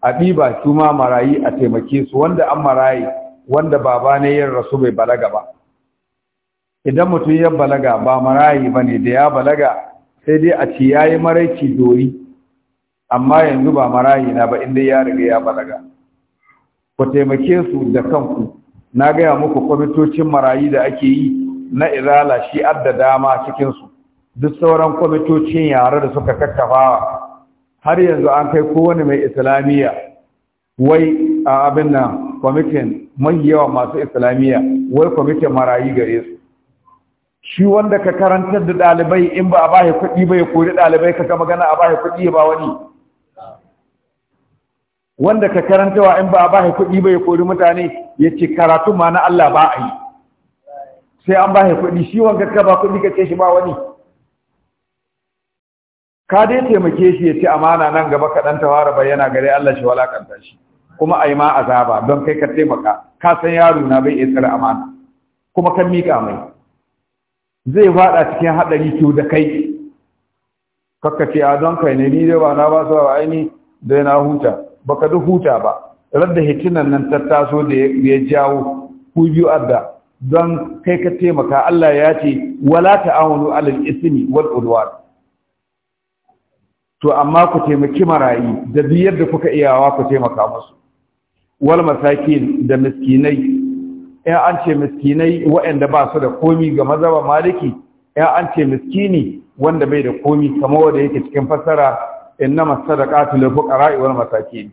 a ɗiba su ma marayi a taimake su wanda an marayi wanda baba ne yin rasu bai balaga ba idan mutum ya balaga ba marayi ba ne da ya balaga sai dai a ci ya yi maraici dori amma yanzu ba marayi na ba inda ya riga ya balaga ku taimake su da kanku na gaya muku kwamitocin marayi da ake yi na izala shi adda dama cikinsu duk sauran kwamitocin yare da suka kakkafawa har yanzu an kai kowane mai islamiyya wai a abin nan kwamitin mai yawa masu islamiyya wai kwamitin marayi gare su shi wanda ka karantar da ɗalibai in ba a ba kuɗi ba ya kori ɗalibai ka gama magana a ba kuɗi ya ba wani wanda ka karantawa in ba a ba kuɗi ba ya kori mutane ya ce karatu ma na Allah ba a yi sai an ba kuɗi shi wanda ka ba kuɗi ka ce shi ba wani ka dai taimake shi ya ci amana nan gaba ka ɗan tawara bayyana gare Allah shi walakanta shi kuma a yi ma azaba don kai ka taimaka ka san yaro na bai iya tsare amana kuma kan mika mai zai fada cikin hadari kyau da kai kakka ce a don kai ne ni dai ba na ba su ba aini dai na huta baka duk huta ba radda hitinan nan ta taso da ya jawo ku biyu adda don kai ka taimaka Allah ya ce wala ta'awunu alal ismi wal udwan to amma ku taimaki marayi da biyar da kuka iyawa ku taimaka musu wal masakin da miskinai in an ce miskinai waɗanda ba su da komi ga mazaba maliki 'yan an ce miskini wanda bai da komi kamar wanda yake cikin fassara innama sadaqatu lil fuqara'i wal masakin mataki.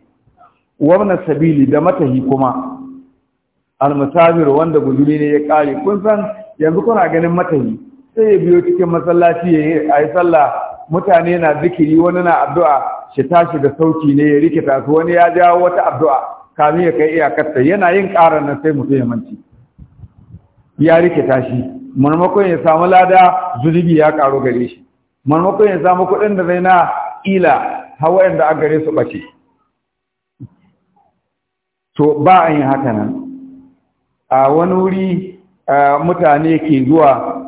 Wannan sabili da matahi kuma al wanda guzuri ne ya kare kun san yanzu kuna ganin matahi sai ya biyo cikin masallaci ya yi sallah mutane na zikiri wani na addu'a shi tashi da sauki ne ya rikita su wani ya jawo wata addu'a kamin ya kai iyakarta yana yin ƙara na sai mutum ya manci ya rike tashi marmakon ya samu lada zunubi ya ƙaru gare shi marmakon ya samu kuɗin da zai na ila hawa yadda an gare su ɓace to ba a yi haka nan a wani wuri mutane ke zuwa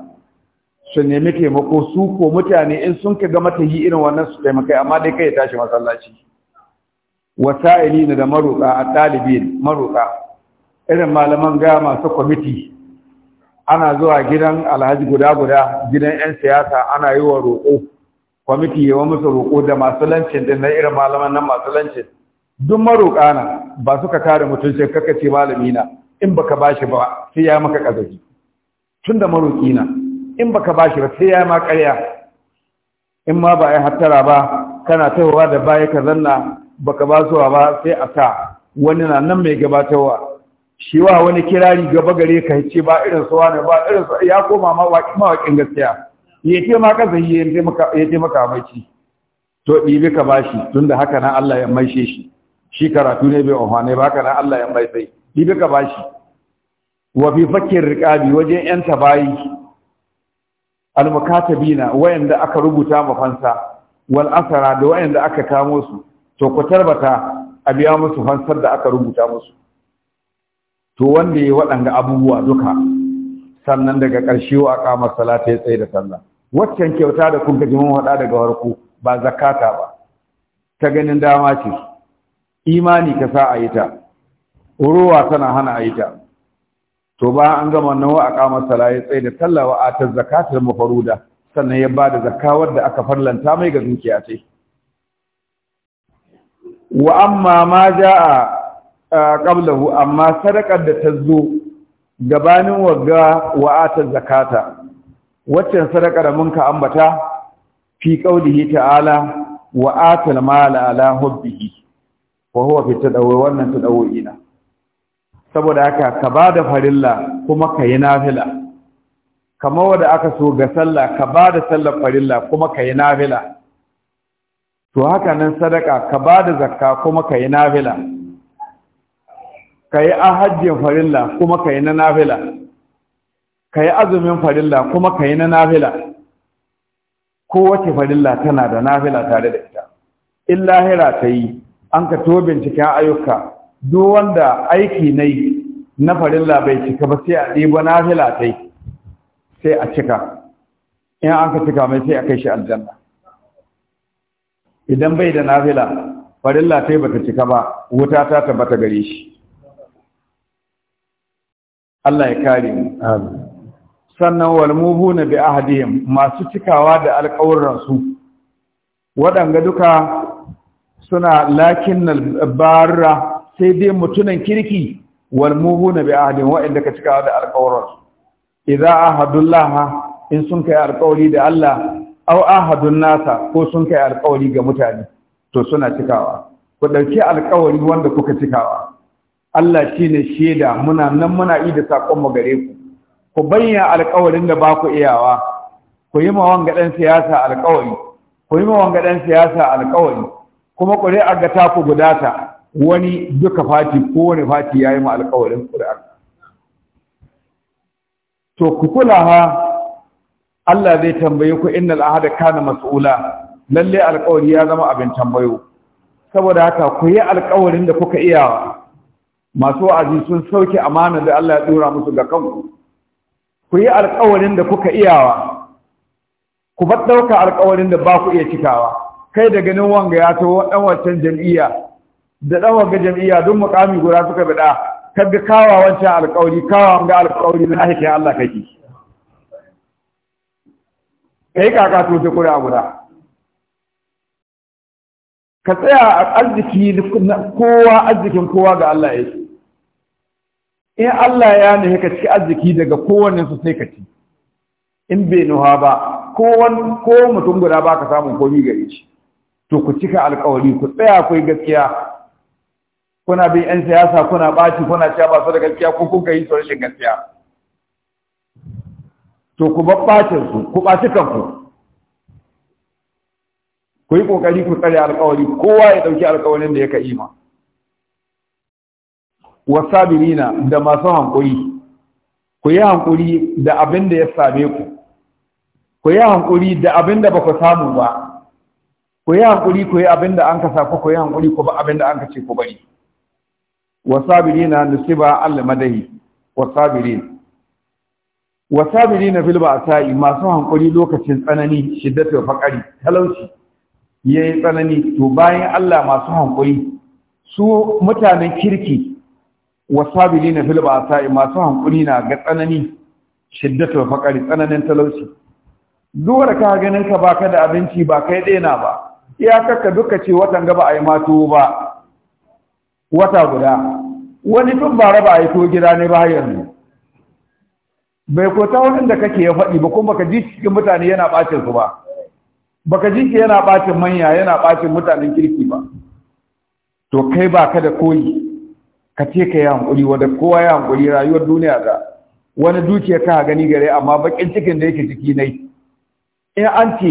su nemi taimako su ko mutane in sun ka ga matahi irin wannan su taimakai amma dai kai ya tashi masallaci wasa'ili da maroƙa a ɗalibin maroƙa irin malaman ga masu kwamiti ana zuwa gidan alhaji guda-guda gidan 'yan siyasa ana yi wa roƙo kwamiti yawa musu roƙo da masu lancin din na irin malaman nan masu lancin duk maroƙa na ba suka kare mutuncin kaka ce malami na in baka bashi ba sai ya maka kazaji tun da maroƙi na in baka bashi ba sai ya ma ƙarya in ma ba ya hattara ba kana tahowa da baya ka zanna baka ba su ba sai a sa wani na nan mai gabatarwa shi wa wani kirari gaba gare ka ce ba irin su wani ba irin su ya koma mawaƙin gaskiya ya ce ma kasa ya ce maka maci to ɗibi ka bashi tunda haka na Allah ya maishe shi shi karatu ne bai amfane ba haka na Allah ya maishe ɗibi ka bashi wa fi fakkin riƙabi wajen yan tabayi almukatabina wayanda aka rubuta mafansa wal asara da wayanda aka kamo su to ku tarbata a biya musu fansar da aka rubuta musu to wanda ya waɗanda abubuwa duka sannan daga ƙarshe wa aqama ta ya tsaye da sallah waccan kyauta da kun ji mun waɗa daga farko ba zakata ba ta ganin dama ce imani ka sa a yi ta ruwa tana hana a yi ta to ba an gama nawa wa aqama salata ya tsaye da sallah wa ta zakatar mafaruda sannan ya bada zakawar da aka farlanta mai ga zuciya ce wa amma ma a ƙablahu amma sadakar da ta zo gabanin wagga wa ta zakata waccan sadakar mun ka ambata fi qaulihi ta'ala wa ata al-mala ala hubbihi wa huwa fi tadawwi wannan ina. saboda haka ka bada farilla kuma ka yi nafila kamar wanda aka so ga sallah ka ba da sallar farilla kuma ka yi nafila to haka nan sadaka ka ba da zakka kuma ka yi nafila ka yi ahajjin farilla kuma ka yi na nafila ka yi azumin farilla kuma ka yi na nafila kowace farilla tana da nafila tare da ita in lahira ta yi an ka to binciken ayyuka duk wanda aiki na yi na farilla bai cika ba sai a ɗiba nafila ta yi sai a cika in an ka cika mai sai a kai shi aljanna idan bai da nafila farilla tai bata cika ba wuta ta tabbata gare shi Allah ya kare mu amin sannan wal muhuna bi ahdihim masu cikawa da alƙawurran su waɗanga duka suna lakinnal barra sai dai mutunan kirki wal muhuna bi ahadihim waɗanda ka cikawa da alƙawurran su idza ahadullah in sun kai alƙawari da Allah aw ahadun nasa ko sun kai alƙawari ga mutane to suna cikawa ku ɗauki alƙawari wanda kuka cikawa Allah ne shaida muna nan muna yi da sakon mu gare ku ku bayyana alƙawarin da ba ku iyawa ku yi ma wanga ɗan siyasa alƙawari ku yi ma wanga ɗan siyasa alƙawari kuma ƙuri'ar ga ku gudata wani duka fati ko wani fati ya yi ma alƙawarin ƙuri'ar to ku kula ha Allah zai tambaye ku innal ahada kana mas'ula lalle alƙawari ya zama abin tambayo saboda haka ku yi alƙawarin da kuka iya masu wa'azi sun sauke amana da Allah ya dora musu ga kanku ku yi alƙawarin da kuka iyawa ku bar ɗauka alƙawarin da ba ku iya cikawa kai da ganin wanga ya to ɗan wancan jam'iyya da ɗan wanga jam'iyya duk mukami guda suka bida kaga kawa wancan alƙawari kawa wanga alƙawari na haƙƙin Allah kake kai kaka to ta kura guda ka tsaya a arziki kowa arzikin kowa ga Allah ya ce in Allah ya nuhi ka ci arziki daga kowanne su sai ka ci in bai nuha ba kowan ko mutum guda ba ka samun komi gari shi to ku cika alkawari ku tsaya ku yi gaskiya kuna bin yan siyasa kuna ɓaci kuna cewa ba su da gaskiya ko kun yi tsoron gaskiya to ku babbacin su ku ɓaci kanku ku yi ƙoƙari ku tsare alƙawari kowa ya ɗauki alƙawarin da ya ka ima wasabirina da masu hankuri ku yi hankuri da abin da ya same ku ku yi hankuri da abin da ba ku samu ba ku yi hankuri ku yi abin da an ka saku ku yi hankuri ku ba abin da an ka ce ku bari wasabirina nusiba al madahi wasabirin Wasabili na Filba sa'i masu hankuri lokacin tsanani shiddatul faƙari talauci ya yi tsanani to bayan Allah masu hankuri su mutanen kirki Wasabili na Filba sa'i masu hankuri na ga tsanani shiddatul faƙari tsananin talauci duwar ka ganin ka baka da abinci ba kai daina ba Ya iyakarka duka ce watan gaba a yi mato ba wata guda wani tun ba raba a yi to gida ne ba yanzu bai kota wurin da kake ya faɗi ba kuma baka ji cikin mutane yana ɓacin su ba baka ji shi yana ɓacin manya yana ɓacin mutanen kirki ba to kai ba ka da koyi ka ce ka yi hankuli wanda kowa ya hankuli rayuwar duniya ga wani dukiya ka gani gare amma bakin cikin da yake ciki nai in an ce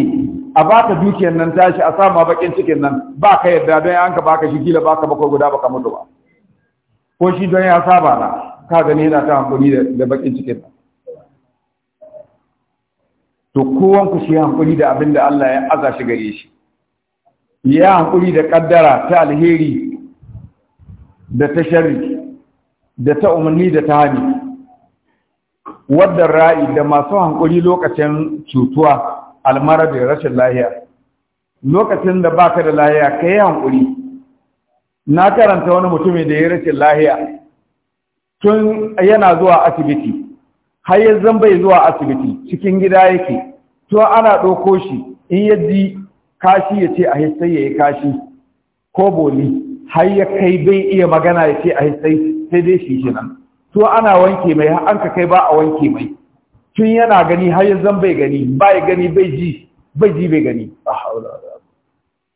a baka dukiyar nan tashi a sama bakin cikin nan ba ka yarda don an ka baka shi kila baka bakwai guda baka mutu ba ko shi don ya saba na ka gani yana ta hankuli da bakin cikin nan to kowan ku shi hankuli da abin da Allah ya aza shi gare shi ya hankuli da ƙaddara ta alheri da ta shari da ta umarni da ta hani wadda ra'i da masu hankuli lokacin cutuwa almara da rashin lahiya lokacin da baka da lahiya ka yi hankuli na karanta wani mutumin da ya rashin lahiya tun yana zuwa asibiti har yanzu bai zuwa asibiti cikin gida yake to ana ɗauko shi in ya ji kashi ya ce a hissai ya yi kashi ko boli har ya kai bai iya magana ya ce a hissai sai dai shi shi nan to ana wanke mai har an ka kai ba a wanke mai tun yana gani har yanzu bai gani ba ya gani bai ji bai ji bai gani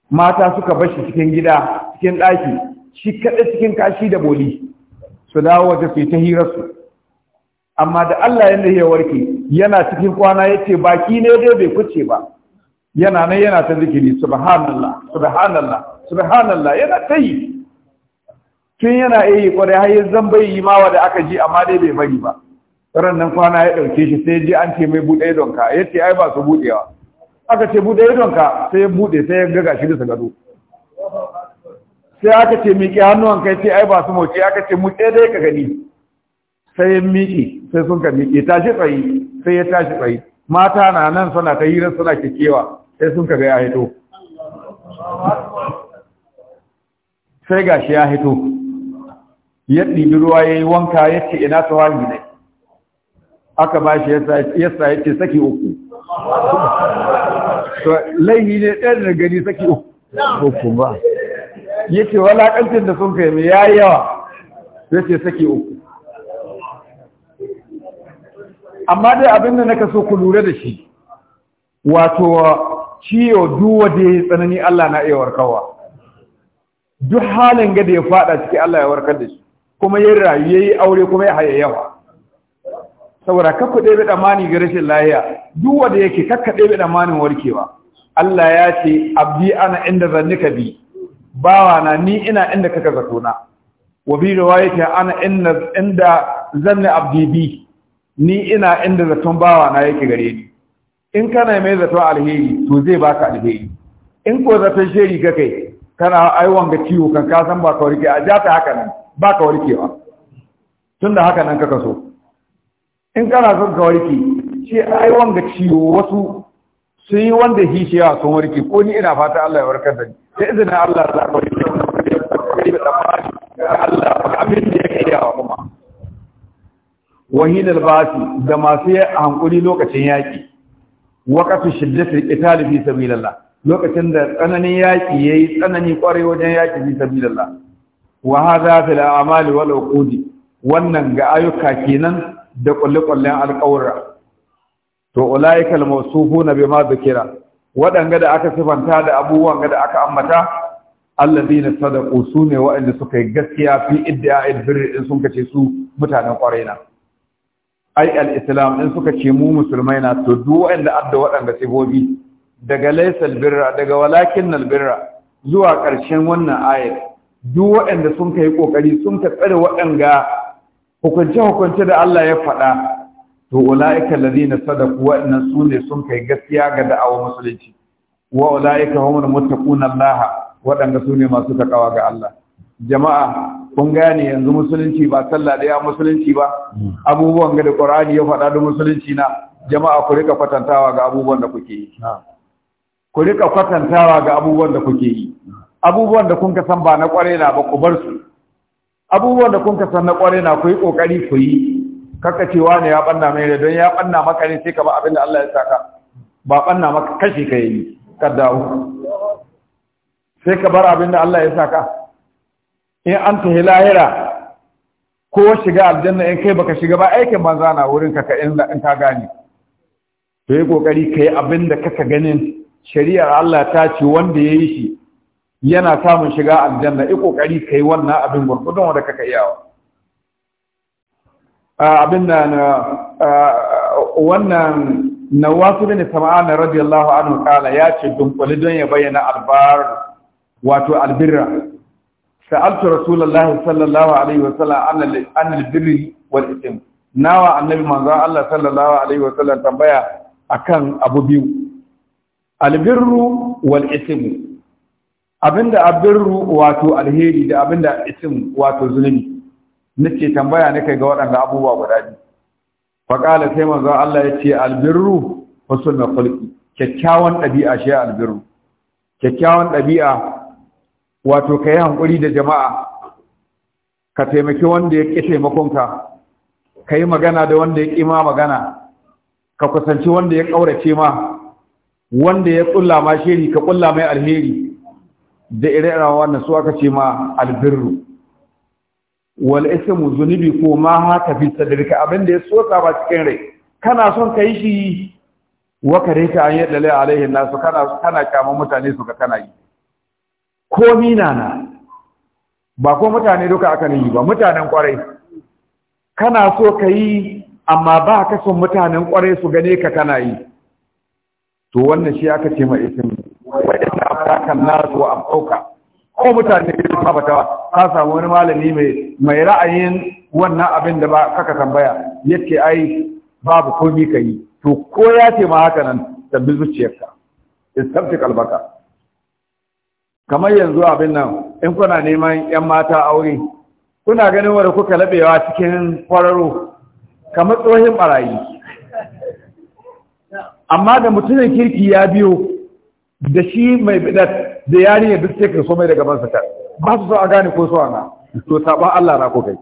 mata suka bar shi cikin gida cikin ɗaki shi kaɗai cikin kashi da boli su dawo waje su yi ta hirarsu amma da Allah ya nahiya warke yana cikin kwana ya ce baki ne dai bai kuce ba yana nan yana ta zikiri subhanallah subhanallah subhanallah yana ta yi tun yana iya yi kwarai har yanzu zan bai yi mawa da aka ji amma dai bai bari ba ran nan kwana ya dauke shi sai ji an ce mai bude ya ce ai ba su budewa aka ce bude donka sai ya bude sai ya ga gashi da gado sai aka ce miƙe hannuwanka sai ai ba su moce aka ce mu dai ka gani sai ya miƙe sai sun ka miƙe tashi tsaye sai ya tashi tsayi mata na nan suna ta hirar suna kekewa sai sun ka ga ya hito sai ga shi ya hito ya ɗibi ruwa ya yi wanka ya ce ina tawahi ne aka ba shi ya sa ya ce saki uku laihi ne ɗan da gani saki uku ba ya ce ƙancin da sun kai mai yi yawa ya ce saki uku amma dai abin da naka so ku lura da shi wato ciwo duwa da ya tsanani Allah na iya warkarwa duk halin ga da ya fada ciki Allah ya warkar da shi kuma ya rayu ya yi aure kuma ya yawa saboda kakka ɗaya da mani ga rashin lahiya duk da yake kakka ɗaya da manin warkewa Allah ya ce abdi ana inda zannika bi bawa na ni ina inda kaka zato na wa bi ana inda inda zanni abdi bi ni ina inda zaton bawa na yake gare ni in kana mai zaton alheri to zai baka alheri in ko zaton sheri ka kai kana aiwon ga ciwo kan ka san ba ka warke a ja ta haka nan ba ka warkewa tun da haka nan kaka so in kana son ka warke ce aiwon ga ciwo wasu sun yi wanda yawa sun warke ko ni ina fata Allah ya warkar da ni da izinin Allah za ka warke da Allah abin da ya yawa kuma Wahilal basi da masu hankuri lokacin yaƙi waqatu shiddatil qital fi sabilillah lokacin da tsananin yaƙi yayi tsanani kwarai wajen yaƙi fi sabilillah wa hadha fil a'mali wal uqudi wannan ga ayyuka kenan da kullukullen alqawra to ulaika al mawsufuna bima dhukira wadanga da aka sifanta da abubuwan da aka ambata alladhina sadaqu sune wa'anda suka yi gaskiya fi idda'i birri sun kace su mutanen kwarai na ai al-islam in suka ce mu musulmai na to duk wanda adda wadanda sibobi daga laysal birra daga walakinnal birra zuwa ƙarshen wannan ayat duk waɗanda sun kai kokari sun ka tsare wadanga hukunce hukunce da Allah ya faɗa to ulaika alladhina sadaqu wa inna sunne sun kai gaskiya ga da'awa musulunci wa ulaika humul muttaquna Allah wadanda sune masu takawa ga Allah jama'a kun gane yanzu musulunci ba sallah ya musulunci ba abubuwan ga da qur'ani ya faɗa da musulunci na jama'a ku rika kwatantawa ga abubuwan da kuke yi ku rika kwatantawa ga abubuwan da kuke yi abubuwan da kun ka san ba na kware na ba ku bar su abubuwan da kun ka san na kware na ku yi kokari ku yi kaka cewa ne ya banna mai don ya banna maka ne sai ka ba abin da Allah ya saka ba banna maka kashi ka yi kaddawo sai ka bar abin da Allah ya saka in an tahi lahira ko shiga aljanna in kai baka shiga ba aikin banza na wurin ka in ka gane to yi kokari ka yi abin da kaka ganin shari'ar Allah ta ce wanda ya yi shi yana samun shiga aljanna yi kokari ka yi wannan abin gwargwadon wanda kaka yawa abin da na wannan nawasu ne sama'ana radiyallahu anhu kala ya ce dunkuli don ya bayyana albar wato albirra sa'altu rasulullahi sallallahu alaihi wa sallam an albirri wal ism nawa annabi manzo Allah sallallahu alaihi wa sallam tambaya akan abu biyu albirru wal ism abinda abirru wato alheri da abinda isim wato zulmi nace tambaya nake ga waɗanda abubuwa guda biyu faƙala sai manzo Allah ya ce albirru husnul khulqi kyakkyawan ɗabi'a shi albirru kyakkyawan ɗabi'a wato ka yi hankuri da jama'a ka taimaki wanda ya ƙi taimakonka ka yi magana da wanda ya ƙi ma magana ka kusanci wanda ya ƙaurace ma wanda ya ƙulla ma shiri ka ƙulla mai alheri da ire irawa wannan su aka ce ma albirru wal ismu zunubi ko ma haka fi sadrika abin da ya sosa ba cikin rai kana son kai shi wa kare ta an yadda lai alaihi nasu kana kana kyaman mutane su ka kana yi komi na na ba ko mutane duka aka yi ba mutanen kwarai kana so ka yi amma ba ka son mutanen kwarai su gane ka kana yi to wannan shi aka ce mai isin wadanda kan nasu a ɗauka ko mutane da ta bata ka samu wani malami mai mai ra'ayin wannan abin da ba kaka tambaya Yake ai babu komi ka yi to ko ya ce ma haka nan tabbi zuciyarka istabtik albaka kamar yanzu abin nan in kuna neman yan mata aure kuna ganin wadda kuka labewa cikin kwararo kamar tsohin barayi amma da mutumin kirki ya biyo da shi mai bidat da yari ya duk sai so mai daga ban ba su so a gane ko so ana to saba Allah na ko kai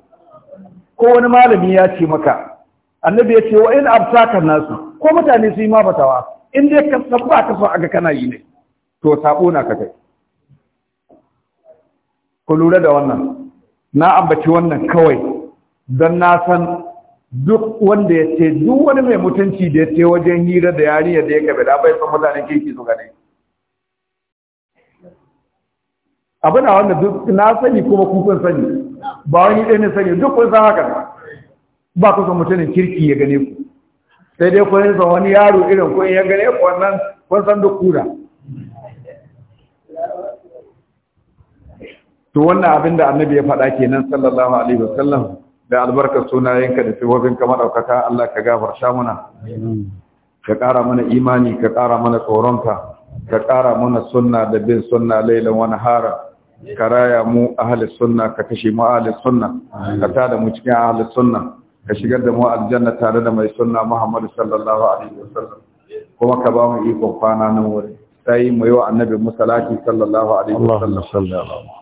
ko wani malami ya ce maka annabi ya ce wa in absaka nasu ko mutane su yi ma batawa in dai ka ka so aga kana yi ne to sabo na ka kai ku lura da wannan na ambaci wannan kawai don na san duk wanda ya ce duk wani mai mutunci da ya ce wajen hira da yariya da ya gabe da bai san ke kirki su ne abu na wanda duk na sani kuma kukun sani ba wani ɗaya ne sani duk kun san haka ba ku san mutumin kirki ya gane ku sai dai kun san wani yaro irin kun ya gane ku wannan kun san duk kura to wannan abin da annabi ya faɗa kenan sallallahu alaihi wasallam da albarkar sunayenka da sifofin ka madaukaka Allah ka gafar sha mana ka ƙara mana imani ka ƙara mana tsoronka ka ƙara mana sunna da bin sunna lailan wani hara ka raya mu ahalin sunna ka kashe mu ahalin sunna ka ta da mu cikin ahalin sunna ka shigar da mu aljanna tare da mai sunna Muhammadu sallallahu alaihi wasallam kuma ka ba mu ikon kwana nan wuri sai mu yi wa annabi musallati sallallahu alaihi wasallam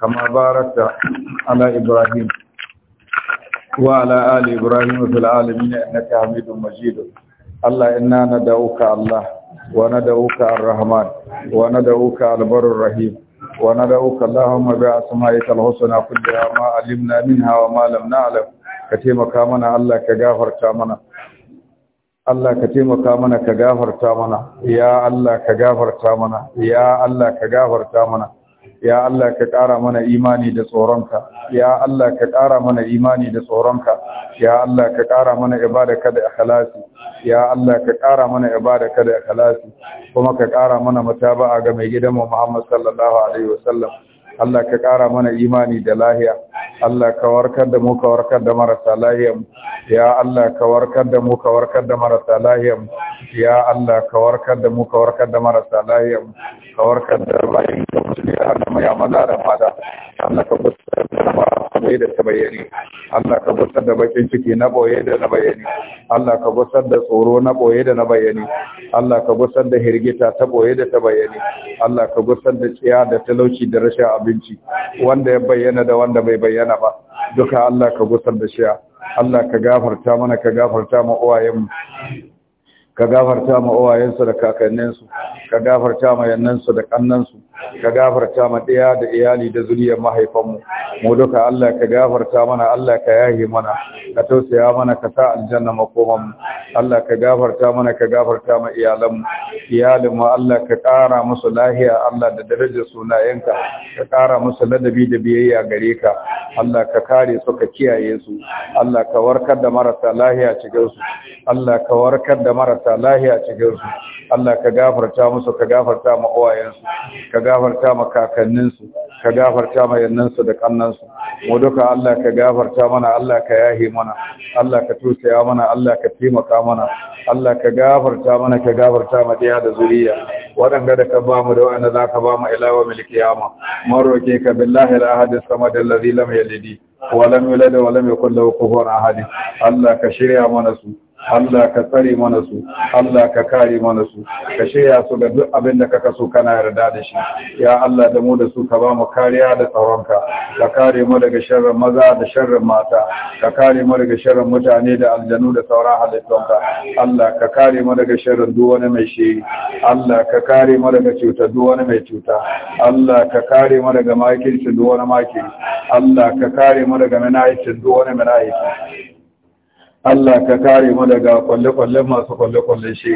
كما باركت على إبراهيم وعلى آل إبراهيم في العالمين إنك حميد مجيد الله إنا ندعوك الله وندعوك الرحمن وندعوك البر الرحيم وندعوك اللهم بأسمائك الحسنى كلها ما علمنا منها وما لم نعلم كتيما كامنا الله كغافر كامنا Allah ka taimaka mana ka gafarta mana ya Allah ka gafarta mana ya Allah ka gafarta mana ya Allah ka ƙara mana imani da tsoronka ya Allah ka ƙara mana imani da tsoronka ya Allah ka ƙara mana ibada kada ikhlasi ya Allah ka ƙara mana ibada kada ikhlasi kuma ka ƙara mana mutaba'a ga mai gidanmu Muhammad sallallahu alaihi wasallam Allah ka ƙara mana imani da lahiya Allah ka warkar da mu ka warkar da marasa lahiya ya Allah ka warkar da mu ka warkar da marasa lahiya ya Allah ka warkar da mu ka warkar da marasa lahiya ka warkar da bayin da musulmi ya mai amana da fada Allah ka busar da rama da ta Allah ka busar da bakin ciki na boye da na bayani Allah ka busar da tsoro na boye da na bayani Allah ka busar da hirgita ta boye da ta bayani Allah ka busar da tsiya da talauci da rashin abinci wanda ya bayyana da wanda bai bayyana ba duka Allah ka busar da shi Allah ka gafarta mana ka gafarta ma uwayenmu ka gafarta ma uwayensu da kakanninsu ka gafarta ma yannansu da kannansu ka gafarta ma ɗaya da iyali da zuriyar mahaifanmu mu duka Allah ka gafarta mana Allah ka yahi mana ka tausaya mana ka sa aljanna makoman mu Allah ka gafarta mana ka gafarta ma iyalanmu. Iyalinmu iyalin ma Allah ka ƙara musu lahiya Allah da darajar sunayenka ka ƙara musu ladabi da biyayya gare ka Allah ka kare su ka kiyaye su Allah ka warkar da marasa lahiya cikin su Allah ka warkar da marasa lahiya cikin su Allah ka gafarta musu ka gafarta ma uwayensu ka gafarta ma kakanninsu ka gafarta ma yannansu da kannansu mu duka Allah ka gafarta mana Allah ka yahi mana Allah ka tusaya mana Allah ka taimaka mana Allah ka gafarta mana ka gafarta ma diya da zuriya waɗanda da ka ba mu da wanda za ka ba mu ilawa mil kiyama mun roke ka billahi al-ahad samad alladhi lam yalid wa lam yulad wa lam yakul lahu kufuwan ahad Allah ka shirya mana su Allah ka tsare mana su Allah ka kare mana su ka shirya su ga duk abin da kaka so kana yarda da shi ya Allah da mu da su ka ba mu kariya da tsaronka ka kare mu daga sharrin maza da sharrin mata ka kare mu daga sharrin mutane da aljanu da sauran halittunka Allah ka kare mu daga sharrin duk wani mai shiri Allah ka kare mu daga cuta duk wani mai cuta Allah ka kare mu daga makirci duk wani makirci Allah ka kare mu daga mana'icin duk wani mana'icin Allah ka kare mu daga kwalle-kwalle masu kwalle-kwalle shi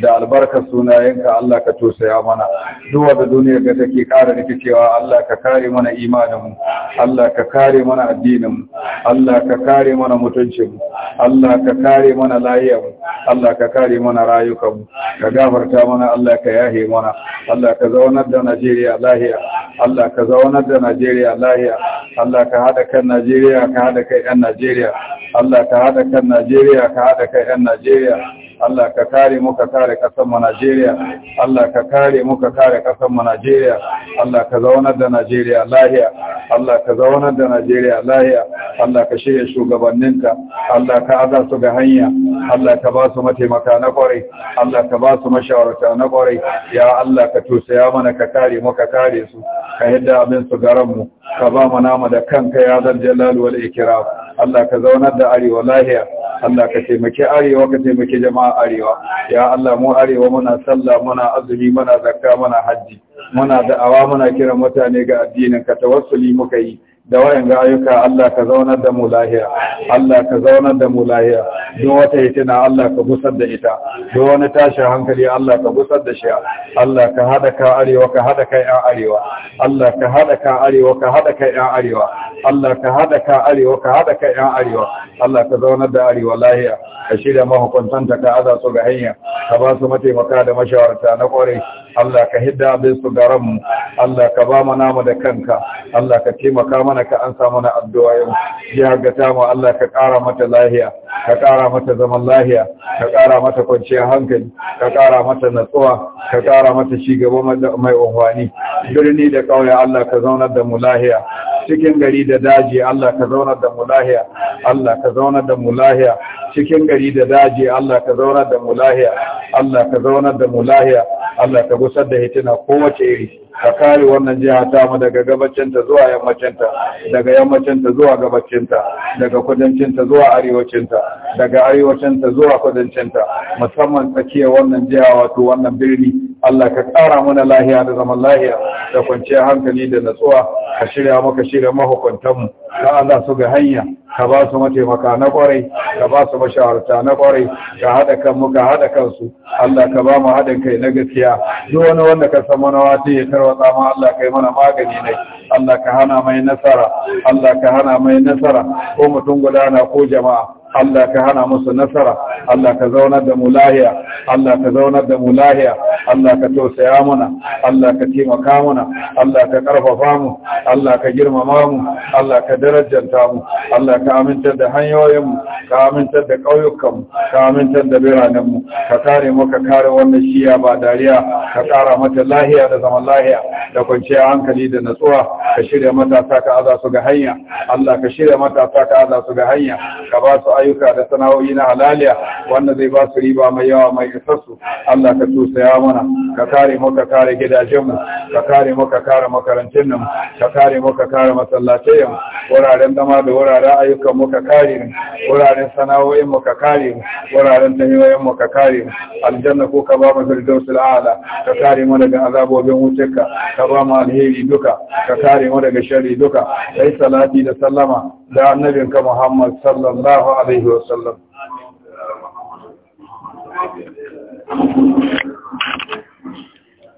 da albarkar sunayenka Allah ka tosaya mana duk wanda duniya ga take kara rikicewa Allah ka kare mana imanin mu Allah ka kare mana addinin mu Allah ka kare mana mutuncin mu Allah ka kare mana lafiyar mu Allah ka kare mana rayukan mu ka gafarta mana Allah ka yahe mana Allah ka zaunar da Najeriya lahiya Allah ka zaunar da Najeriya lahiya Allah ka haɗa kan Najeriya ka haɗa kai 'yan Najeriya Allah ka haɗa kan Najeriya ka haɗa kai 'yan Najeriya Allah ka kare mu ka kare kasar mu Najeriya Allah ka kare mu ka kare kasar mu Najeriya Allah ka zaunar da Najeriya lahiya Allah ka zaunar da Najeriya lahiya Allah ka shirya shugabanninka Allah ka aza su ga hanya Allah ka ba su mataimaka na kwarai Allah ka ba su mashawarta na kwarai ya Allah ka tusaya mana ka kare mu ka kare su ka hidda abin su garan mu ka ba mu nama da kanka ya zal jalal wal ikram Allah ka zaunar da arewa lahiya Allah ka taimaki arewa ka taimaki jama'a arewa ya Allah mu arewa muna sallah muna azumi muna zakka muna hajji muna da'awa muna kiran mutane ga addinin ka tawassuli muka yi da wayan ga ayyuka Allah ka zaunar da mu lahiya Allah ka zaunar da mu lahiya duk wata hitina Allah ka gusar da ita duk wani tashin hankali Allah ka gusar da shi Allah ka hada ka arewa ka hada kai yan arewa Allah ka hada ka arewa ka hada kai yan arewa Allah ka hada ka arewa ka hada kai yan arewa Allah ka zaunar da arewa lahiya ka shirya mahukuntanta ka aza su ga hanya ka ba su mataimaka da mashawarta na kwarai Allah ka hidda abin su garanmu. Allah ka ba mu namu da kanka Allah ka taimaka mana ka ansa mana addu'a yau Jiya ga ta mu Allah ka ƙara mata lahiya ka ƙara mata zaman lahiya ka ƙara mata kwanciyar hankali ka ƙara mata natsuwa ka ƙara mata shigaba mai unhwani birni da ƙauye Allah ka zaunar da mu lahiya cikin gari da daji Allah ka zaunar da mu lahiya Allah ka zaunar da mu lahiya cikin gari da daji Allah ka zaunar da mu lahiya Allah ka zaunar da mu lahiya Allah ta gusar da hitina kowace iri ka kare wannan jiha ta mu daga gabacinta zuwa yammacinta daga yammacinta zuwa gabacinta daga kudancinta zuwa arewacinta daga arewacinta zuwa kudancinta musamman tsakiyar wannan jiha wato wannan birni Allah ka ƙara mana lahiya da zaman lahiya da kwanciyar hankali da natsuwa ka shirya maka shirya mahukuntanmu ka Allah su ga hanya ka ba su mataimaka na ƙwarai ka ba su mashawarta na ƙwarai ka haɗa kanmu ka haɗa kansu Allah ka ba mu haɗin kai na gaskiya duk wani wanda ka san mana wata ya tarwatsa ma Allah ka mana magani ne Allah ka hana mai nasara Allah ka hana mai nasara ko mutum gudana ko jama'a Allah ka hana musu nasara Allah ka zaunar da mu lahiya Allah ka zaunar da mu lahiya Allah ka tausaya mana Allah ka taimaka mana Allah ka karfafa mu Allah ka girmama mu Allah ka darajanta mu Allah ka amintar da hanyoyin mu ka amintar da ƙauyukan mu ka amintar da biranen mu ka kare mu ka kare wannan shiya ba dariya ka ƙara mata lahiya da zaman lahiya da kwanciyar hankali da natsuwa ka shirya matasa ka aza su ga hanya Allah ka shirya matasa ka aza su ga hanya ka ba su ayyuka da sana'o'i na halaliya wanda zai ba su riba mai yawa mai isassu Allah ka tusaya mana ka kare mu ka kare gidajenmu ka kare mu ka kare makarantun nan ka kare mu ka kare masallatai wuraren zama da wuraren ayyukan mu ka kare mu wuraren sana'o'in mu ka kare mu wuraren tahiyoyin mu ka kare mu aljanna ko ka ba mu firdausul a'la ka kare mu daga azabobin wutarka ka ba mu alheri duka ka kare mu daga sharri duka Kai salati da sallama da annabinka Muhammad sallallahu alaihi wasallam